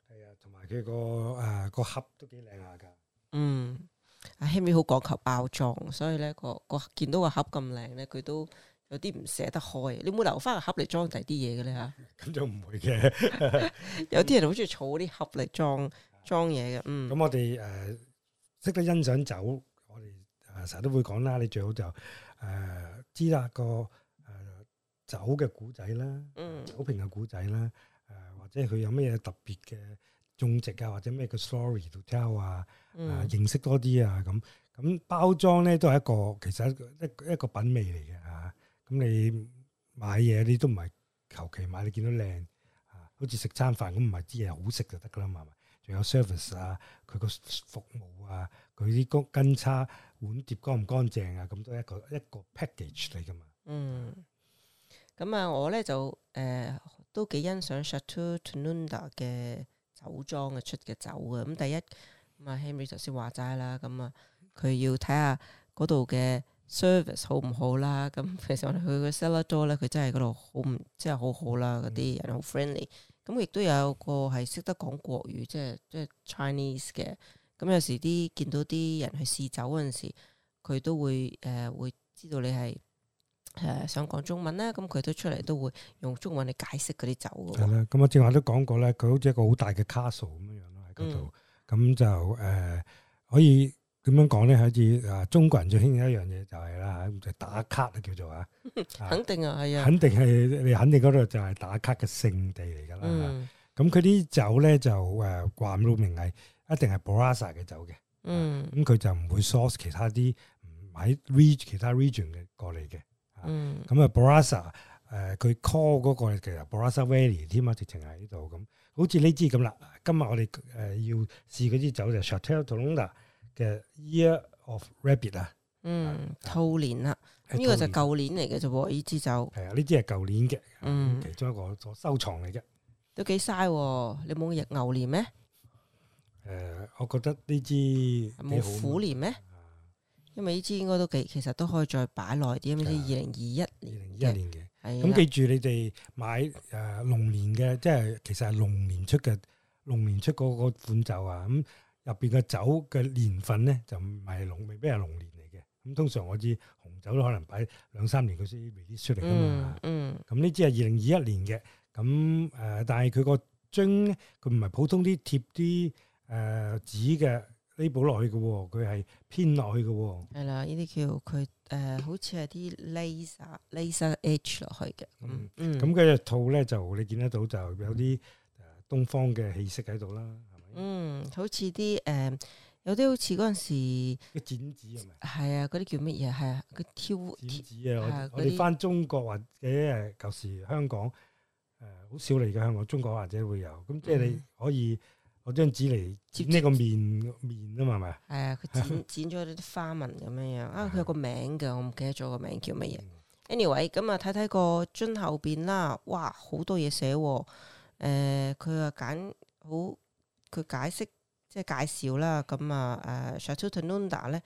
係啊，同埋佢個誒個盒都幾靚下噶，嗯。嗯嗯阿 Henry 咪好講求包裝，所以咧個個見到個盒咁靚咧，佢都有啲唔捨得開。你會唔會留翻個盒嚟裝第啲嘢嘅咧嚇？咁就唔會嘅。 有啲人好中意儲啲盒嚟裝裝嘢嘅。嗯，嗯。咁我哋誒識得欣賞酒，我哋成日都會講啦。你最好就誒、呃、知啦個、呃、酒嘅古仔啦，酒瓶嘅古仔啦，誒、呃、或者佢有咩嘢特別嘅。種植啊，或者咩叫 story to tell 啊，啊認識多啲啊，咁咁包裝咧都係一個其實一一個一個品味嚟嘅嚇。咁你買嘢你都唔係求其買，你見到靚啊，好似食餐飯咁，唔係啲嘢好食就得噶啦嘛。仲有 service 啊，佢個服務啊，佢啲公羹叉碗碟乾唔乾淨啊，咁都係一個一個 package 嚟噶嘛。嗯。咁、嗯、啊，嗯嗯、我咧就誒、呃、都幾欣賞 Chateau Tanunda 嘅。酒莊嘅出嘅酒嘅，咁第一咁啊，Henry 頭先話齋啦，咁啊、嗯，佢、嗯嗯、要睇下嗰度嘅 service 好唔好啦，咁其實我哋去嘅 cellar door 咧，佢真係嗰度好唔，即係好好啦，嗰啲人好 friendly，咁亦都有個係識得講國語，即係即係 Chinese 嘅，咁、就是嗯、有時啲見到啲人去試酒嗰陣時，佢都會誒、呃、會知道你係。誒想講中文咧，咁佢都出嚟都會用中文嚟解釋嗰啲酒嘅。係啦，咁我正話都講過咧，佢好似一個好大嘅 castle 咁樣樣咯，喺嗰度。咁、嗯、就誒、呃、可以點樣講咧？好似啊，中國人最興一樣嘢就係啦嚇，就打卡叫做、嗯、啊。肯定啊，係啊。肯定係你肯定嗰度就係打卡嘅聖地嚟㗎啦。咁佢啲酒咧就誒掛名係一定係 Barossa 嘅酒嘅。嗯。咁佢、嗯、就唔會 source 其他啲唔喺 r e g 其他，他 region 嘅過嚟嘅。嗯，咁啊，Barossa，誒佢 call 嗰個其實 Barossa Valley 添啊，直情喺呢度咁，好似呢支咁啦。今日我哋誒要試嗰支酒就 Chateau Tanunda 嘅 Year of Rabbit 啊，嗯，兔年啦，呢個就舊年嚟嘅啫喎，呢支酒。誒，呢支係舊年嘅，嗯，其中一個收藏嚟啫。都幾嘥喎，你冇日牛年咩？誒、呃，我覺得呢支冇虎年咩？因為呢支應該都幾其實都可以再擺耐啲，因為呢支二零二一年嘅，咁的記住你哋買誒龍、呃、年嘅，即係其實係龍年出嘅龍年出嗰個款酒啊，咁入邊嘅酒嘅年份咧就唔係龍未必係龍年嚟嘅。咁、嗯嗯、通常我知紅酒都可能擺兩三年佢先未必出嚟㗎嘛嗯。嗯，咁呢支係二零二一年嘅，咁誒，但係佢個樽佢唔係普通啲貼啲誒紙嘅。呃呢部落去嘅、哦，佢係偏落去嘅、哦。係啦，呢啲叫佢誒、呃，好似係啲 laser，laser edge 落去嘅。嗯，咁嗰隻兔咧就你見得到就有啲誒東方嘅氣息喺度啦，係咪？嗯，好似啲誒，有啲好似嗰陣時剪紙係咪？係啊，嗰啲叫乜嘢？係啊，佢挑剪紙啊！啊些我我哋返中國或者誒舊時香港誒好、呃、少嚟嘅，香港中國或者會有。咁即係你可以。 我張紙嚟接呢個面接面啊了嘛，係咪？係啊，佢、啊、剪剪咗啲花紋咁樣樣。啊，佢有個名嘅，我唔記得咗個名叫乜嘢。anyway，咁啊睇睇個樽後邊啦，哇，好多嘢寫。誒，佢啊，揀好，佢解釋即係介紹啦。咁啊誒，Chateau Tanunda 咧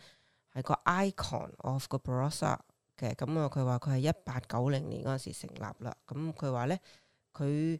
係個 icon of 個 Barossa 嘅。咁、嗯、啊，佢話佢係一八九零年嗰陣時成立啦。咁佢話咧，佢。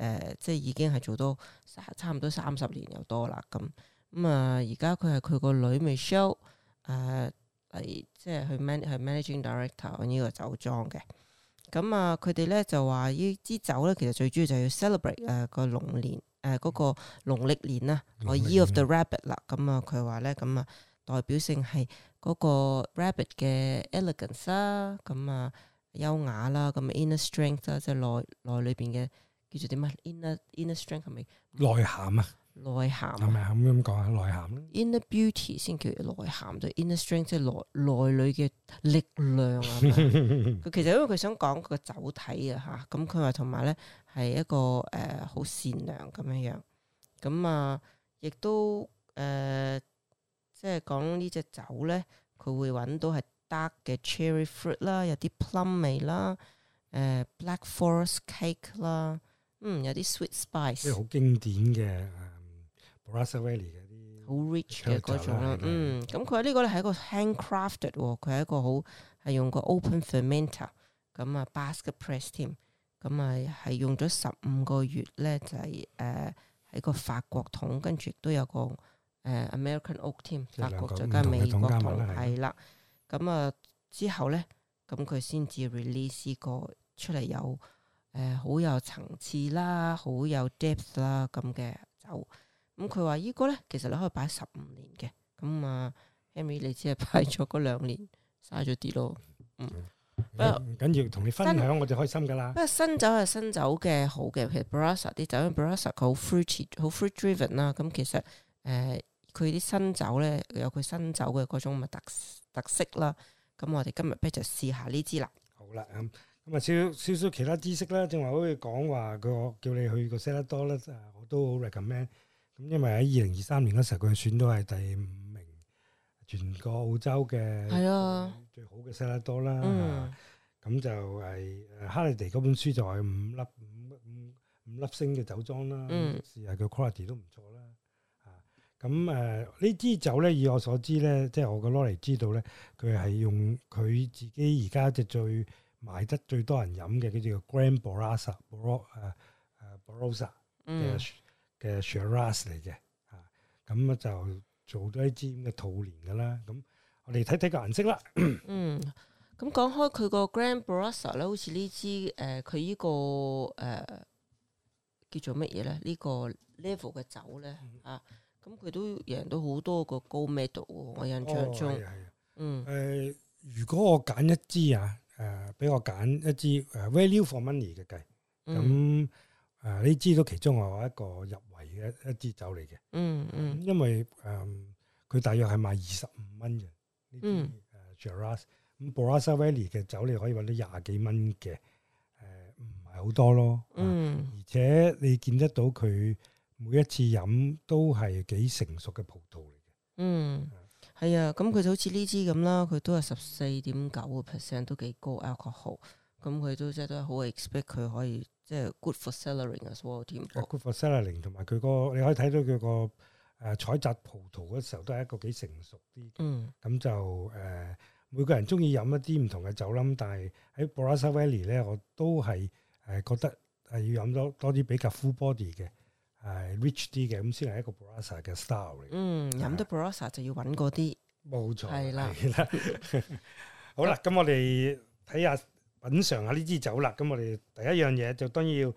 誒、呃，即係已經係做到差唔多三十年又多啦。咁咁啊，而家佢係佢個女 Michelle 誒，係、呃、即係去 man 係 managing director 呢個酒莊嘅。咁啊，佢哋咧就話呢支酒咧，其實最主要就要 celebrate 誒、呃呃那個龍年誒嗰個農曆年啦，我、啊、year of the rabbit 啦。咁啊，佢話咧咁啊，代表性係嗰個 rabbit 嘅 elegance 啦、啊，咁啊優雅啦，咁、啊啊、inner strength 啦、啊，即係內內,內,內內裏邊嘅。叫做點啊？inner inner strength 係咪？內涵啊！內涵係咪咁樣講啊，內涵 inner beauty 先叫內涵，就係 inner, inner strength 即係內內裏嘅力量啊！佢 其實因為佢想講佢嘅酒體啊，吓咁佢話同埋咧係一個誒好、呃、善良咁樣樣，咁啊亦都誒即係講呢隻酒咧，佢會搵到係 dark 嘅 cherry fruit 啦、um，有啲 plum 味啦，誒 black forest cake 啦。嗯，有啲 sweet spice，好經典嘅，Barossa Valley 啲好 rich 嘅嗰種啦。嗯，咁佢呢個咧係一個 handcrafted，佢係一個好係用個 open fermenter，咁啊，basket press 添，咁啊係用咗十五個月咧就係誒喺個法國桶，跟住都有個誒 American oak 添，法國再加美國桶，係啦。咁啊之後咧，咁佢先至 release 個出嚟有。誒、好、呃、有層次啦，好有 depth 啦，咁嘅酒。咁佢話呢個咧，其實你可以擺十五年嘅。咁啊，Amy 你只係擺咗嗰兩年，嘥咗啲咯。嗯， 嗯，不過唔緊要，同你分享新我就開心噶啦。不過新酒係新酒嘅，好嘅。譬如 Barossa 啲酒，因 Barossa 佢好 fruity 好 fruit driven 啦。咁、嗯、其實誒，佢、呃、啲新酒咧有佢新酒嘅嗰種特特色啦。咁我哋今日不如就試下呢支啦。好啦，咁、um。咁啊，少少少少其他知識啦，正話好似講話個叫你去個塞拉多咧，我都好 recommend。咁因為喺二零二三年嗰時候，佢選咗係第五名，全個澳洲嘅最好嘅塞拉多啦。咁就係 Halliday，嗰本書就係五粒五,五,五粒星嘅酒莊啦。嗯、試下佢 quality 都唔錯啦。咁、啊、誒、呃、呢支酒咧，以我所知咧，即係我個 Lori 知道咧，佢係用佢自己而家嘅最買得最多人飲嘅叫做 Grand Barossa，Barossa 誒誒 Barossa 嘅嘅、嗯、Shiraz 嚟嘅，啊，咁啊就做咗一支咁嘅兔年嘅啦。咁我哋睇睇個顏色啦。嗯，咁講開佢、呃這個 Grand Barossa 咧，好似呢支誒佢依個誒叫做乜嘢咧？呢、這個 level 嘅酒咧啊，咁佢都贏到好多個高 Medal 喎。我印象中，哦、嗯誒、呃，如果我揀一支啊～誒，俾、呃、我揀一支誒 value for money 嘅計，咁誒呢支都其中我一個入圍嘅一支酒嚟嘅、嗯。嗯、呃、az，嗯，因為誒佢大約係賣二十五蚊嘅呢支誒 Shiraz，咁 Barossa Valley 嘅酒你可以揾到廿幾蚊嘅，誒唔係好多咯。嗯，而且你見得到佢每一次飲都係幾成熟嘅葡萄嚟嘅、嗯。嗯。係啊，咁佢就好似呢支咁啦，佢都係十四點九個 percent，都幾高 alcohol，咁佢都即係都好 expect 佢可以即係 good for cellaring as well 添。Yeah, good for cellaring 同埋佢個你可以睇到佢個誒採摘葡萄嘅時候都係一個幾成熟啲，咁、嗯、就誒、呃、每個人中意飲一啲唔同嘅酒啦。但係喺 Barossa Valley 咧，我都係誒覺得係要飲多多啲比較 full body 嘅。係 rich 啲嘅，咁先係一個 Barossa 嘅 style 嚟。嗯，飲多 Barossa 就要揾嗰啲。冇錯，係啦。好啦，咁我哋睇下品嘗下呢支酒啦。咁我哋第一樣嘢，就當然要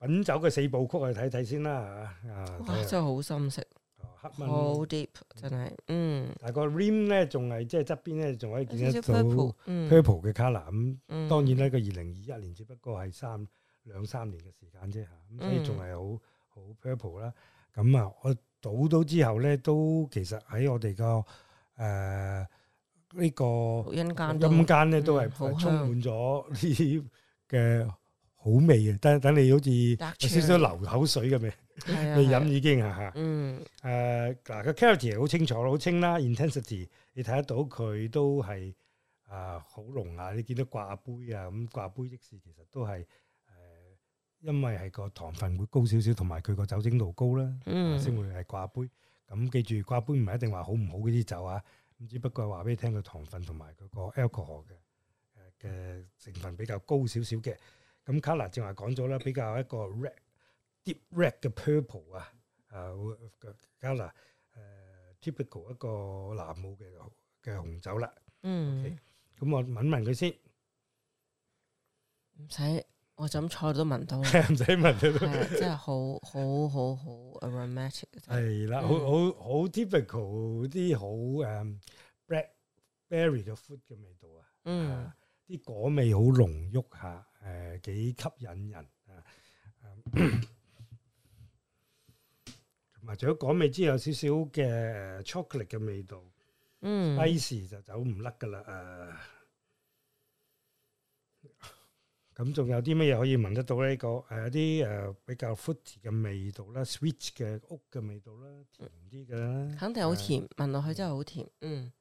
品酒嘅四部曲去睇睇先啦。吓啊，看看哇真係好深色，黑好蜜 deep，真係。嗯。但係個 rim 咧，仲係即係側邊咧，仲可以見到一啲 purple，purple 嘅 color。咁當然咧，個二零二一年只不過係三兩三年嘅時間啫吓，嗯，所以仲係好。好 purple 啦，咁啊、嗯，我倒到之後咧，嗯嗯嗯、都其實喺我哋個誒呢個中間咧，都係充滿咗啲嘅好味嘅。等等你好似有少少流口水嘅味，確 你飲已經啊嚇。嗯，誒嗱、啊，個 clarity 好清楚，好清啦。Intensity 你睇得到佢都係啊好濃啊！你見到掛杯啊，咁掛杯即時其實都係。因為係個糖分會高少少，同埋佢個酒精度高啦，先會係掛杯。咁記住掛杯唔係一定話好唔好嗰啲酒啊，只不過話俾你聽個糖分同埋嗰個 alcohol 嘅嘅成分比較高少少嘅。咁 Color 正話講咗啦，比較一個 red deep red 嘅 purple 啊，啊會嘅 Color 誒 typical 一個南澳嘅嘅紅酒啦。嗯，咁我聞聞佢先，唔使。我整菜都聞到啦，唔使聞都係真係好好好好 aromatic。係啦，好好好 typical 啲好誒 blackberry 嘅 food 嘅味道啊，啲果味好濃郁嚇，誒幾吸引人啊！同埋除咗果味之外有少少嘅 chocolate 嘅味道，嗯，低時就走唔甩噶啦啊！咁仲有啲乜嘢可以聞得到呢一個誒，有啲誒比較 fruity 嘅味道啦，switch 嘅屋嘅味道啦，甜啲嘅，嗯，肯定好甜，聞落、啊、去真係好甜。嗯。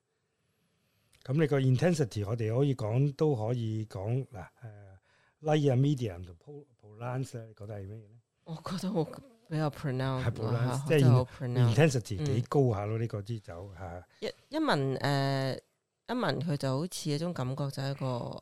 咁你個 intensity，我哋可以講都可以講嗱，誒、呃、layer、medium 同 po balance 你覺得係咩咧？我覺得我比較 pronounced，即係是哇 intensity 幾高下咯，呢、嗯、個支酒吓。一一聞誒，一聞佢就好似一種感覺，就係一個。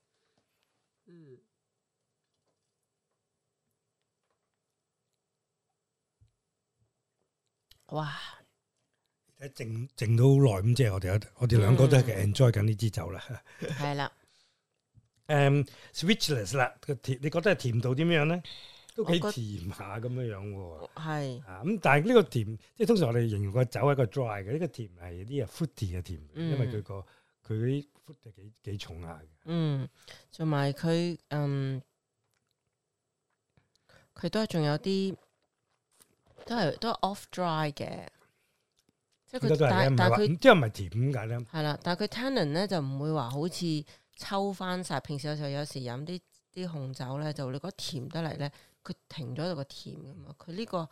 哇！靜靜到好耐咁，即係我哋我哋兩個都係 enjoy 緊呢支酒啦。係啦、嗯，誒、 um,，switchless 啦，個甜你覺得甜度點樣咧？都幾甜下咁樣樣係啊，咁是、嗯、但係呢個甜，即係通常我哋形容個酒係個 dry 嘅，呢、呢個甜係啲啊 fruity 嘅甜，嗯、因為佢個佢啲 fruit 係幾幾重下嘅、嗯。嗯，同埋佢嗯，佢都係仲有啲。都係都 off dry 嘅，即係佢但但佢即係唔係甜咁解咧？係啦，但係佢 tannin 咧就唔會話好似抽翻晒。平時有時候有時飲啲啲紅酒咧，就你覺得甜得嚟咧，佢停咗度個甜噶嘛。佢呢個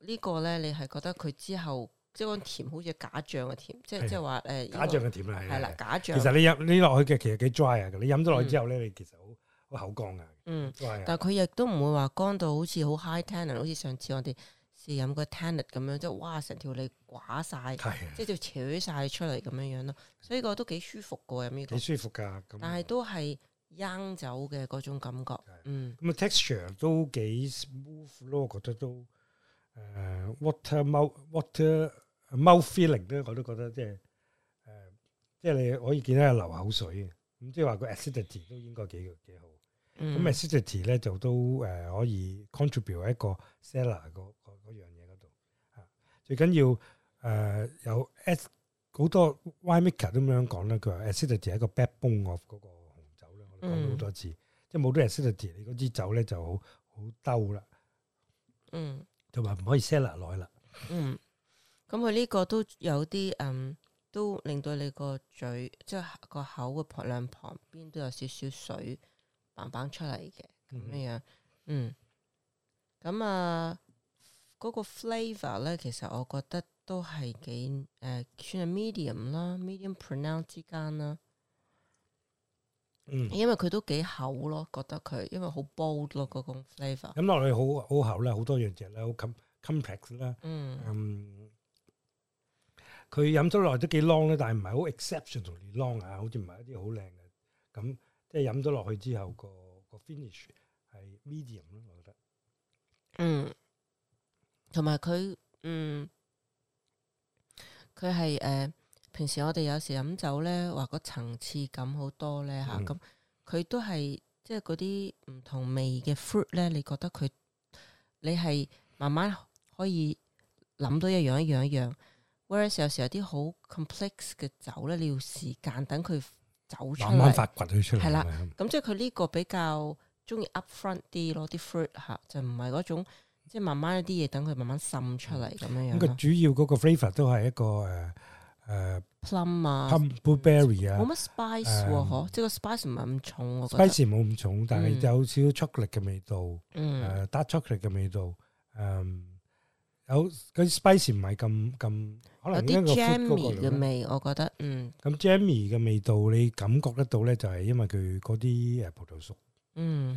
呢個咧，你係覺得佢之後即係嗰種甜好似假象嘅甜，即係即係話誒假象嘅甜啦，係啦，假象。其實你飲你落去嘅其實幾 dry 嘅，你飲咗落去之後咧，你其實好好口乾嘅。嗯，但係佢亦都唔會話乾到好似好 high tannin，好似上次我哋。試飲個 tannat 咁樣，即係哇！成條脷寡曬，即係就扯曬出嚟咁樣樣咯，所以個都幾舒服個飲呢個。幾舒服㗎！但係都係硬酒嘅嗰種感覺。嗯，咁啊，texture 都幾 smooth 咯，我覺得都誒 water mouth water mouth feeling 咧，我都覺得即係誒，即係你可以見到係流口水嘅。咁即係話個 acidity 都應該幾幾好。咁 acidity 咧就都誒可以 contribute 一個 seller 個。最緊要誒、呃，有好多 winemaker 咁樣講啦。佢話 acidity 係一個 backbone of 嗰個紅酒，我哋講咗好多次，嗯、即係冇咗 acidity，你嗰支酒咧就好好兜啦，嗯，嗯，就話唔可以 cellar 落來啦，嗯，咁佢呢個都有啲嗯，都令到你個嘴即係個口嘅兩旁，旁邊都有少少水棒棒出嚟嘅，咁樣，嗯，嗯，咁啊。嗰個 flavor 咧，其實我覺得都係幾誒、呃，算係 medium 啦，medium pronounce 之間啦。嗯，因為佢都幾厚咯，覺得佢因為好 bold 咯，嗰、嗰個 flavor 飲落去好好厚咧，好多樣嘢咧，好 comp complex 啦。嗯，嗯，佢飲咗落都幾 long 咧，但係唔係好 exceptionally long 啊，好似唔係一啲好靚嘅。咁即係飲咗落去之後，個個、個個 finish 係 medium 咯，我覺得。嗯。同埋佢，嗯，佢係誒，平時我哋有時飲酒咧，話個層次感好多咧，吓咁、嗯啊，佢都係即係嗰啲唔同味嘅 fruit 咧，你覺得佢，你係慢慢可以諗到一樣一樣一樣，whereas 有時有啲好 complex 嘅酒咧，你要時間等佢走出嚟，慢慢發掘佢出嚟，係啦了，咁、嗯、即係佢呢個比較中意 upfront 啲咯，啲 fruit 吓、啊、就唔係嗰種。即係慢慢一啲嘢，等佢慢慢滲出嚟咁樣樣。咁個主要嗰個 flavor 都係一個誒誒 plum 啊 blueberry 啊，冇乜 spice 即係個 spice 唔係咁重。我覺得 spice 冇咁重，但係有少少 chocolate 嘅味道，誒 dark chocolate 嘅味道，誒有啲 spice 唔係咁咁，可能有啲 jammy 嘅味。我覺得，嗯。咁 jammy 嘅味道，你感覺得到咧？就係因為佢嗰啲誒葡萄熟，嗯。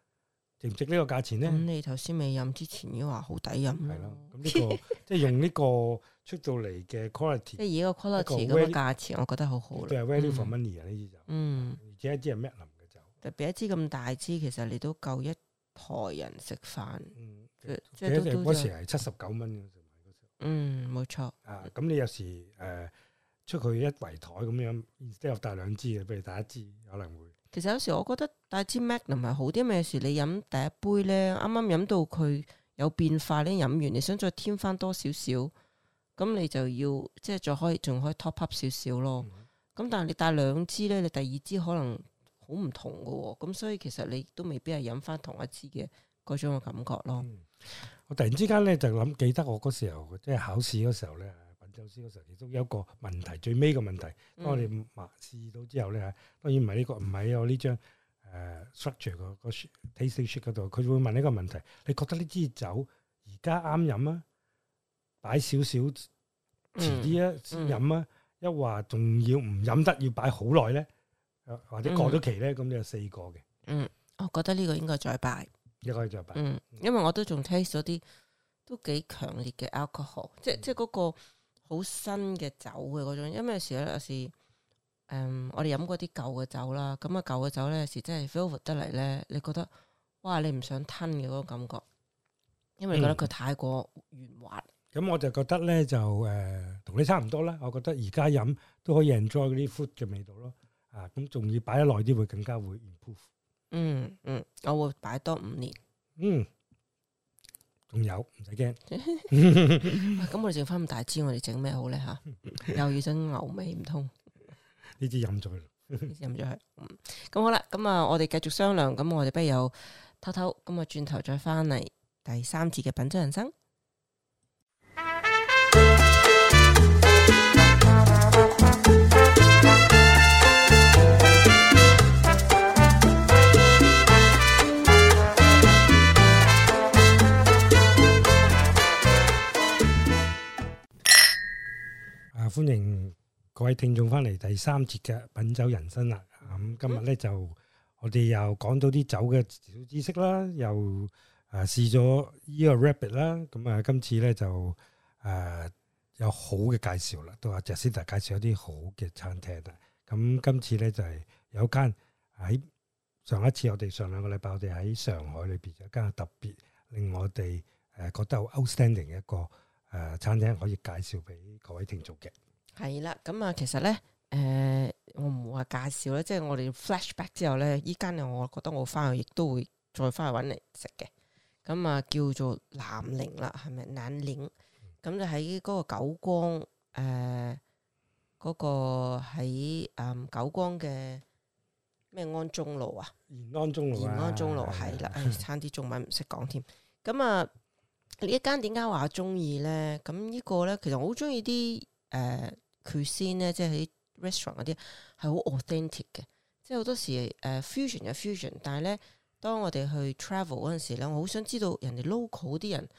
值唔值呢個價錢咧？咁、嗯、你頭先未飲之前已經話好抵飲啦。係咯、這個，咁呢個即係用呢個出到嚟嘅 quality，即係以呢個 quality 咁嘅價錢，我覺得好好啦。特別係 Value for money 啊呢啲酒。嗯。而且一支係 Magnum 嘅酒。特別一支咁大支，其實你都夠一台人食飯。嗯。就即係嗰時係七十九蚊咁，嗯，冇錯。啊，咁你有時誒、呃、出去一圍台咁樣 instead 兩支嘅，不如帶一支，可能會。其實有時我覺得帶支 Magnum 係好啲，因為有時你飲第一杯咧，啱啱飲到佢有變化咧，飲完你想再添翻多少少，咁你就要即係再可以仲可以 top up 少少咯。咁、嗯、但係你帶兩支咧，你第二支可能好唔同噶喎。咁所以其實你都未必係飲翻同一支嘅嗰種嘅感覺咯。嗯、我突然之間咧就諗，記得我嗰時候即係考試嗰時候咧。就試嘅時候，其中有一個問題，最尾嘅問題，當我哋試到之後咧，當然唔係呢個唔係我呢張誒、呃、structure、嗰個嗰個 tasting sheet 度，佢會問呢個問題。你覺得呢支酒而家啱飲啊？擺少少，遲啲啊飲啊？一話仲要唔飲得，要擺好耐咧，或者過咗期咧，咁就、嗯、四個嘅。嗯，我覺得呢個應該再擺，應該再擺。嗯，因為我都仲 taste 咗啲都幾強烈嘅 alcohol，、嗯、即係即係、嗰個。好新嘅酒嘅嗰種，因為有時咧，有時，誒，我哋飲嗰啲舊嘅酒啦，咁啊，舊嘅酒咧，有時真係 flavor 得嚟咧，你覺得，哇，你唔想吞嘅嗰個感覺，因為你覺得佢太過圓滑。咁、嗯、我就覺得咧，就誒、同、呃、你差唔多啦。我覺得而家飲都可以 enjoy 嗰啲 food 嘅味道咯。啊，咁仲要擺得耐啲，會更加會 improve。嗯嗯，我會擺多五年。嗯。仲有唔使驚，咁我哋剩翻咁大支，我哋整咩好咧吓？ 又要整牛尾唔通？呢支飲咗佢，飲咗佢。咁 好啦，咁啊，我哋繼續商量。咁我哋不如又偷偷咁啊，轉頭再翻嚟第三節嘅品酒人生。歡迎各位聽眾翻嚟第三節嘅品酒人生啦！咁今日咧就我哋又講到啲酒嘅小知識啦，又誒試咗呢個 Rabbit 啦，咁啊今次咧就誒有好嘅介紹啦，都阿 Jacinda 介紹一啲好嘅餐廳啦。咁今次咧就係有間喺上一次我哋上兩個禮拜我哋喺上海裏邊有一間特別令我哋誒覺得好 outstanding 嘅一個。誒、啊、餐廳可以介紹俾各位聽眾嘅，係啦。咁啊，其實咧，誒、呃、我唔話介紹啦，即係我哋 flashback 之後咧，依間我覺得我翻去亦都會再翻去揾嚟食嘅。咁啊，叫做南伶啦，係咪南伶？咁、嗯、就喺嗰個九江，誒、呃、嗰、那個喺誒、嗯、九江嘅咩安中路啊？延安、啊、安中路，延安中路係啦，唉，差啲中文唔識講添。咁啊～ 一呢一間點解話我中意咧？咁呢個咧，其實我好中意啲誒，cuisine 咧，即係喺 restaurant 嗰啲係好 authentic 嘅，即係好多時誒、呃、fusion 有 fusion，但係咧，當我哋去 travel 嗰陣時咧，我好想知道人哋 local 啲人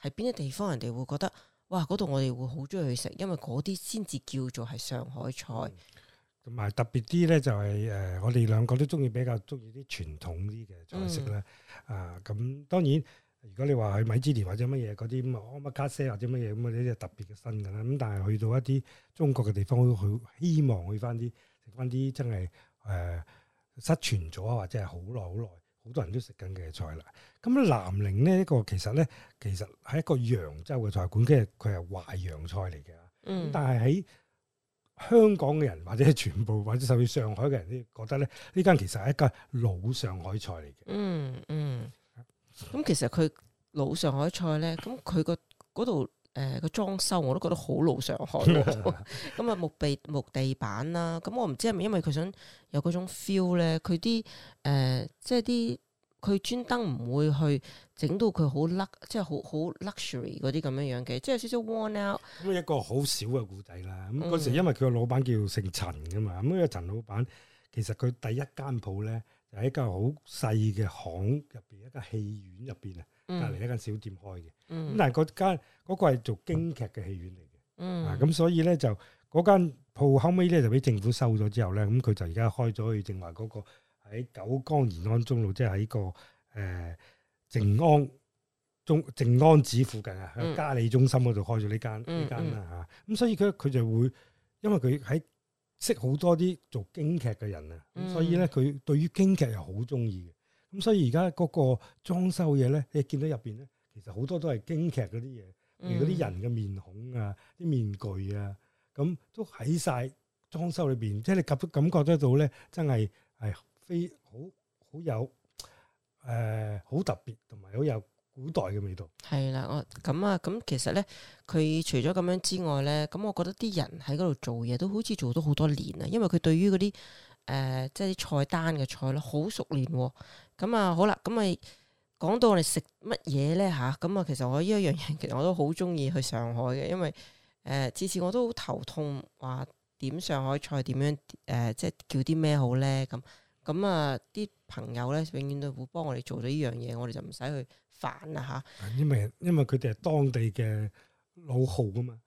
係邊啲地方，人哋會覺得哇嗰度我哋會好中意去食，因為嗰啲先至叫做係上海菜。同埋、嗯、特別啲咧、就是，就係誒我哋兩個都中意比較中意啲傳統啲嘅菜式啦。啊、嗯，咁、呃、當然。如果你話去米芝蓮或者乜嘢嗰啲康柏卡西或者乜嘢咁嗰啲特別嘅新㗎啦，咁但係去到一啲中國嘅地方，我都好希望去翻啲食翻啲真係誒、呃、失傳咗或者係好耐好耐好多人都食緊嘅菜啦。咁南伶呢一個其實咧其實係一個揚州嘅菜館，即係佢係淮揚菜嚟嘅。嗯、但係喺香港嘅人或者係全部或者甚至上海嘅人咧覺得咧呢間其實係一間老上海菜嚟嘅、嗯。嗯嗯。咁其實佢老上海菜咧，咁佢個嗰度誒個裝修我都覺得好老上海咯。咁啊木地木地板啦，咁我唔知係咪因為佢想有嗰種 feel 咧，佢啲誒即係啲佢專登唔會去整到佢好 lux 即係好好 luxury 嗰啲咁樣樣嘅，即係有少少 worn out。咁一個好少嘅故仔啦。咁嗰時因為佢個老闆叫姓陳噶嘛，咁、嗯、因為陳老闆其實佢第一間鋪咧。喺間好細嘅巷入邊，一間戲院入、嗯、邊啊，隔離一間小店開嘅。咁、嗯、但係嗰間嗰、嗰個係做京劇嘅戲院嚟嘅。嗯、啊，咁所以咧就嗰間鋪後尾咧就俾政府收咗之後咧，咁、嗯、佢、嗯、就而家開咗去正話嗰、嗰個喺九江延安中路，即係喺個誒、呃、靜安中靜安寺附近啊，喺嘉里中心嗰度開咗呢間呢間啦嚇。咁、嗯嗯嗯啊、所以佢佢就會因為佢喺。識好多啲做京劇嘅人啊，嗯、所以咧佢對於京劇又好中意嘅，咁所以而家嗰個裝修嘢咧，你見到入邊咧，其實好多都係京劇嗰啲嘢，譬如嗰啲人嘅面孔啊、啲面具啊，咁都喺晒裝修裏邊，即係你感覺得到咧，真係係非好好有誒好、呃、特別同埋好有，古代嘅味道係啦，我咁啊，咁其實咧，佢除咗咁樣之外咧，咁我覺得啲人喺嗰度做嘢都好似做咗好多年啊，因為佢對於嗰啲誒，即係啲菜單嘅菜咧好熟練，哦。咁啊，好啦，咁啊，講到我哋食乜嘢咧吓，咁啊，其實我呢一樣嘢，其實我都好中意去上海嘅，因為誒，次次我都好頭痛，話點上海菜點樣誒、呃，即係叫啲咩好咧？咁咁啊，啲朋友咧，永遠都會幫我哋做咗呢樣嘢，我哋就唔使去。反啊吓？因為因為佢哋係當地嘅老號啊嘛，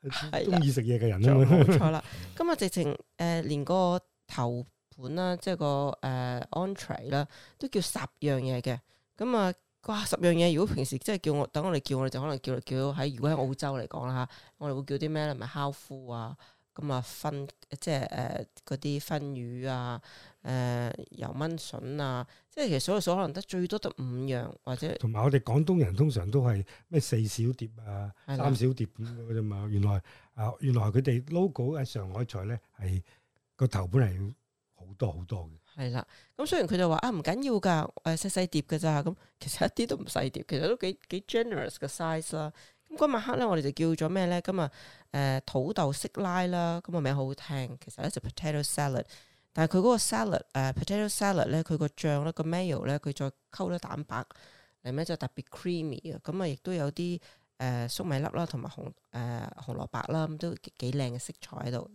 中意食嘢嘅人啊嘛，冇錯啦。咁啊，直情誒連個頭盤啦，即係個誒 entrée 啦，都叫十樣嘢嘅。咁啊，哇十樣嘢！如果平時即係叫我等我哋叫我，就可能叫叫喺如果喺澳洲嚟講啦吓，我哋會叫啲咩？係咪烤夫啊？咁啊，燻即係誒嗰啲燻魚啊。誒油炆筍啊！即係其實所有所，可能得最多得五樣，或者同埋我哋廣東人通常都係咩，四小碟啊、三小碟咁嘅啫嘛！原來啊，原來佢哋 logo 喺上海菜咧，係個頭本嚟要好多好多嘅，係啦。咁雖然佢就話啊，唔緊要㗎，誒細細碟㗎咋咁，其實一啲都唔細碟，其實都幾幾 generous 嘅 size 啦。咁嗰晚黑咧，我哋就叫咗咩咧？咁啊誒土豆色拉啦，咁個名好好聽，其實咧就 potato salad。但係佢嗰個 salad，誒、uh, potato salad 咧，佢個醬咧，個 mayo 咧，佢再溝咗蛋白，嚟咩就特別 creamy 嘅，咁啊亦都有啲誒、呃、粟米粒啦，同埋紅誒、呃、紅蘿蔔啦，咁都幾靚嘅色彩喺度。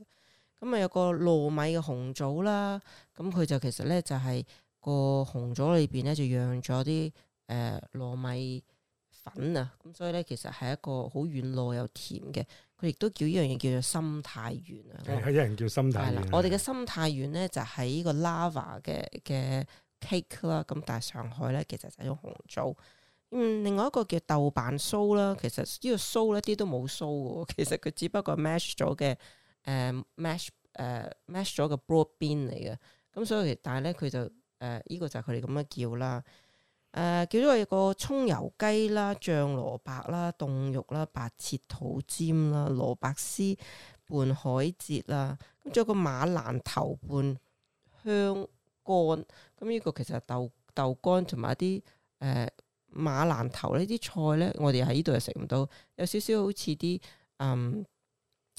咁、嗯、啊有個糯米嘅紅棗啦，咁、嗯、佢就其實咧就係、是、個紅棗裏邊咧就釀咗啲誒糯米。啊，咁所以咧，其實係一個好軟糯又甜嘅，佢亦都叫呢樣嘢叫做心太軟啊！哎、我一人叫心太軟。了嗯、我哋嘅心太軟咧就喺、是、個 lava 嘅嘅 cake 啦，咁但係上海咧其實就用紅棗。嗯，另外一個叫豆瓣酥啦，其實呢個酥一啲都冇酥嘅，其實佢只不過 mash 咗嘅誒 mash 誒 mash 咗嘅 broad bean 嚟嘅，咁、呃呃、所以但係咧佢就誒呢、呃這個就佢哋咁樣叫啦。誒、呃，叫做一個葱油雞啦、醬蘿蔔啦、凍肉啦、白切肚尖啦、蘿蔔絲拌海蜇啦，咁仲有個馬蘭頭拌香乾。咁呢個其實豆豆乾同埋啲誒馬蘭頭呢啲菜咧，我哋喺呢度又食唔到，有少少好似啲嗯誒、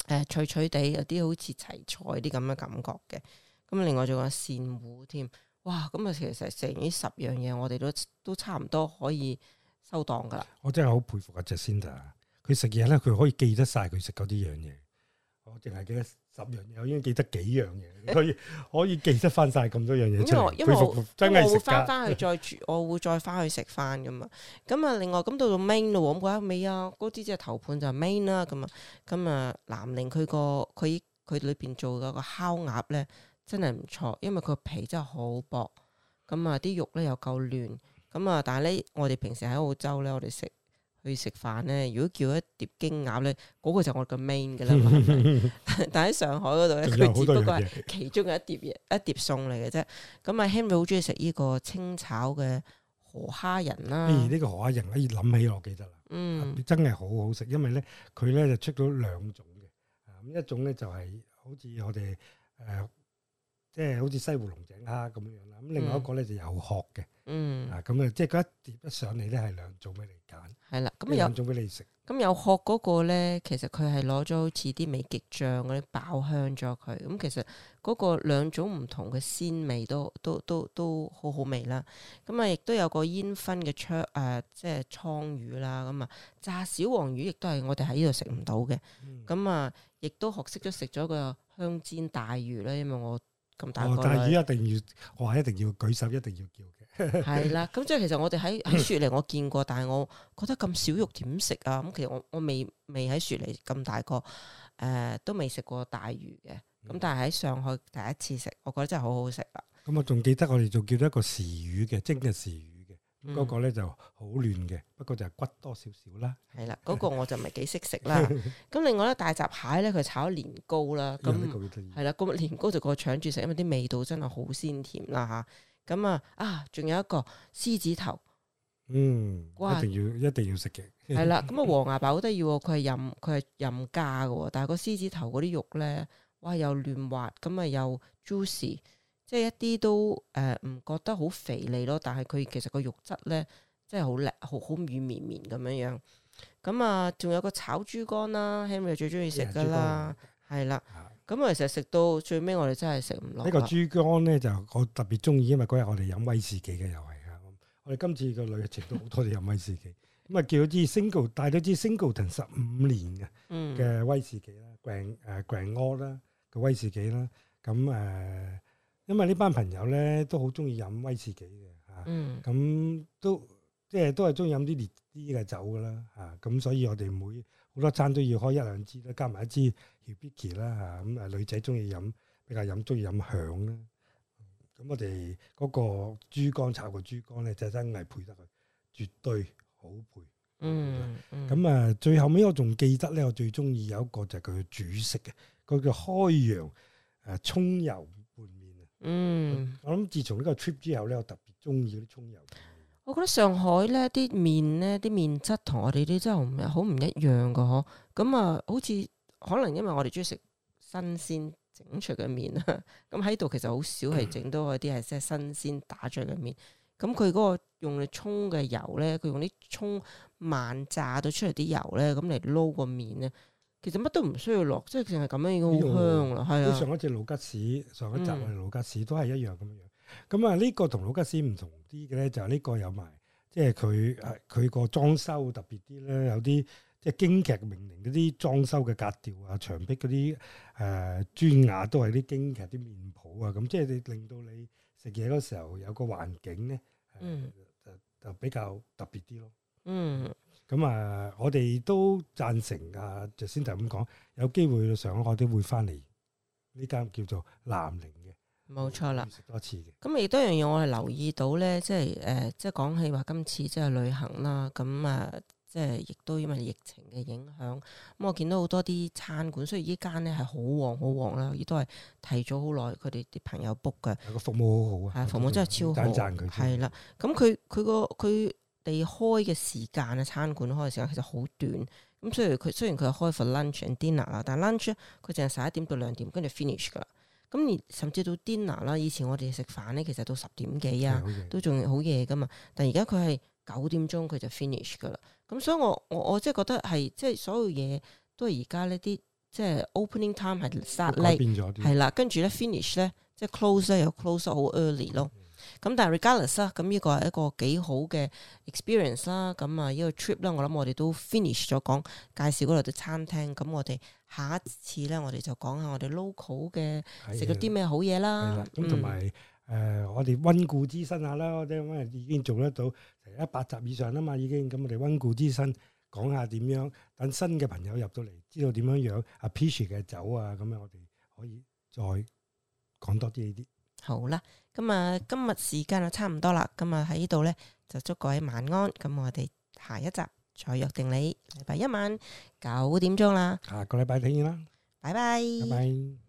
呃、脆脆地，有啲好似齊菜啲咁嘅感覺嘅。咁另外仲有鱔糊添。哇！咁啊，其實成呢十樣嘢，我哋都都差唔多可以收檔噶啦。我真係好佩服阿 Jacinda，佢食嘢咧，佢可以記得晒佢食嗰啲樣嘢。我淨係記得十樣嘢，我已經記得幾樣嘢，佢 可，可以記得翻晒咁多樣嘢出嚟。因為因為佩服！我我會真係食翻翻去再煮， 我會再翻去食翻噶嘛。咁啊，另外咁到到 main 咯，咁覺得未啊？嗰啲即係頭盤就 main 啦。咁啊，咁啊，南伶佢個佢佢裏邊做嗰個烤鴨咧。真係唔錯，因為佢個皮真係好薄，咁啊啲肉咧又夠嫩，咁、嗯、啊但係咧我哋平時喺澳洲咧，我哋食去食飯咧，如果叫一碟京鴨咧，嗰、嗰個就我個 main 噶啦，但喺上海嗰度咧，佢只不過係其中嘅一碟 一碟餸嚟嘅啫。咁啊，Henry 好中意食呢個清炒嘅河蝦仁啦。咦？呢個河蝦仁可以諗起我記得啦。嗯，真係好好食，因為咧佢咧就出咗兩種嘅，咁一種咧就係好似我哋誒。呃即係好似西湖龍井蝦咁樣啦，咁另外一個咧就有殼嘅，嗯，咁啊，即係佢一碟得上嚟咧係兩種俾你揀，係啦，咁啊有兩種俾你食。咁有殼嗰、那個咧，其實佢係攞咗好似啲美極醬嗰啲爆香咗佢，咁其實嗰個兩種唔同嘅鮮味都都都都好好味啦。咁啊，亦都有個煙熏嘅倉，誒，即係倉魚啦。咁啊，炸小黃魚亦都係我哋喺呢度食唔到嘅。咁啊，亦都學識咗食咗個香煎大魚咧，因為我。咁大個，魚、哦、一定要，我係一定要舉手，一定要叫嘅。係 啦，咁即係其實我哋喺喺雪梨我見過，但係我覺得咁少肉點食啊？咁其實我我未未喺雪梨咁大個，誒、呃、都未食過大魚嘅。咁但係喺上海第一次食，我覺得真係好好食。咁、嗯、我仲記得我哋仲叫咗一個時魚嘅蒸嘅時魚。嗰、嗯、個咧就好嫩嘅，不過就骨多少少啦。係啦，嗰、嗰個我就唔係幾識食啦。咁 另外咧，大閘蟹咧佢炒年糕啦。係啦、嗯，咁年糕就個搶住食，因為啲味道真係好鮮甜啦嚇。咁啊啊，仲有、嗯嗯、一,一 個獅子頭。嗯，一定要一定要食嘅。係啦，咁啊黃牙白好得意喎，佢係任佢係任加㗎喎，但係個獅子頭嗰啲肉咧，哇又嫩滑，咁啊又 juicy。即係一啲都誒唔覺得好肥膩咯，但係佢其實個肉質咧，即係好叻，好好軟綿綿咁樣樣。咁啊，仲有個炒豬肝啦，Henry 最中意食噶啦，係啦、嗯。咁啊，其實食到最尾，我哋真係食唔落。呢個豬肝咧就我特別中意，因為嗰日我哋飲威士忌嘅又係啊，我哋今次個旅程都好多啲飲威士忌。咁啊， 叫咗支 single，帶咗支 Singleton 十五年嘅嘅威士忌啦，grand 誒 grand o 啦，個、嗯、威士忌啦，咁、啊、誒。因為呢班朋友咧都好中意飲威士忌嘅嚇，咁、嗯啊、都即係都係中意飲啲烈啲嘅酒噶啦嚇，咁、啊嗯、所以我哋每好多餐都要開一兩支啦，加埋一支 Hibiki 啦嚇，咁啊，女仔中意飲比較飲中意飲響啦，咁我哋嗰個珠江炒個珠江咧就真係配得佢，絕對好配。嗯，咁啊最後尾我仲記得咧，我最中意有一個就係佢主食嘅，佢叫開洋誒葱油。嗯，我諗自從呢個 trip 之後咧，我特別中意啲葱油。我覺得上海咧啲麵咧啲麵質同我哋啲真係好唔一樣㗎嗬，咁啊，好似可能因為我哋中意食新鮮整出嘅麵啊。咁喺度其實好少係整到一啲係即係新鮮打出嘅麵。咁佢嗰個用嚟衝嘅油咧，佢用啲葱慢炸到出嚟啲油咧，咁嚟撈個麵咧。其實乜都唔需要落，即係淨係咁樣已經好香啦，係種是啊。你上一次老吉士上一集啊，老吉士都係一樣咁、嗯、樣。咁啊，呢個同老吉士唔同啲嘅咧，就呢、是、個有埋，即係佢佢個裝修特別啲咧，有啲即係京劇名伶嗰啲裝修嘅格調啊，牆壁嗰啲誒磚瓦都係啲京劇啲面譜啊，咁即係你令到你食嘢嗰時候有個環境咧、嗯呃，就就比較特別啲咯。嗯。嗯咁啊，嗯，我哋都贊成啊，就先 s 就咁講，有機會去上海都會翻嚟呢間叫做南伶嘅。冇錯啦，食多次嘅。咁亦都一樣嘢，我係留意到咧，即係誒，呃，即係講起話今次即係旅行啦。咁，嗯，啊，即係亦都因為疫情嘅影響。咁，嗯，我見到好多啲餐館，雖然依間咧係好旺好旺啦，亦都係提早好耐，佢哋啲朋友 book 嘅。個服務好好啊，係服務真係超好，讚讚佢。係啦，咁佢佢個佢。嗯地開嘅時間啊，餐館開嘅時間其實好短，咁所以佢雖然佢開 for lunch and dinner 啦，但 lunch 佢淨係十一點到兩點，跟住 finish 噶啦。咁而甚至到 dinner 啦，以前我哋食飯咧，其實到十點幾啊，的都仲好夜噶嘛。的但而家佢係九點鐘佢就 finish 噶啦。咁所以我我我即係覺得係即係所有嘢都係而家呢啲即係 opening time 係係殺力，係啦，跟住咧 finish 咧即係 close 咧又 close 好 early 咯。咁但係 regardless 啦，咁呢個係一個幾好嘅 experience 啦。咁啊呢個 trip 啦，我諗我哋都 finish 咗講介紹嗰度啲餐廳。咁我哋下一次咧，我哋就講下我哋 local 嘅食咗啲咩好嘢啦。咁同埋誒，我哋溫故知新下啦。我哋已經做得到一百集以上啦嘛，已經咁我哋溫故知新講下點樣等新嘅朋友入到嚟，知道點樣樣。阿 Pierre 嘅酒啊，咁樣我哋可以再講多啲呢啲。好啦。咁啊，今日時間就差唔多啦，咁啊喺呢度呢，就祝各位晚安，咁我哋下一集再約定你禮拜一晚九點鐘啦，下個禮拜聽啦，拜拜 bye，拜拜。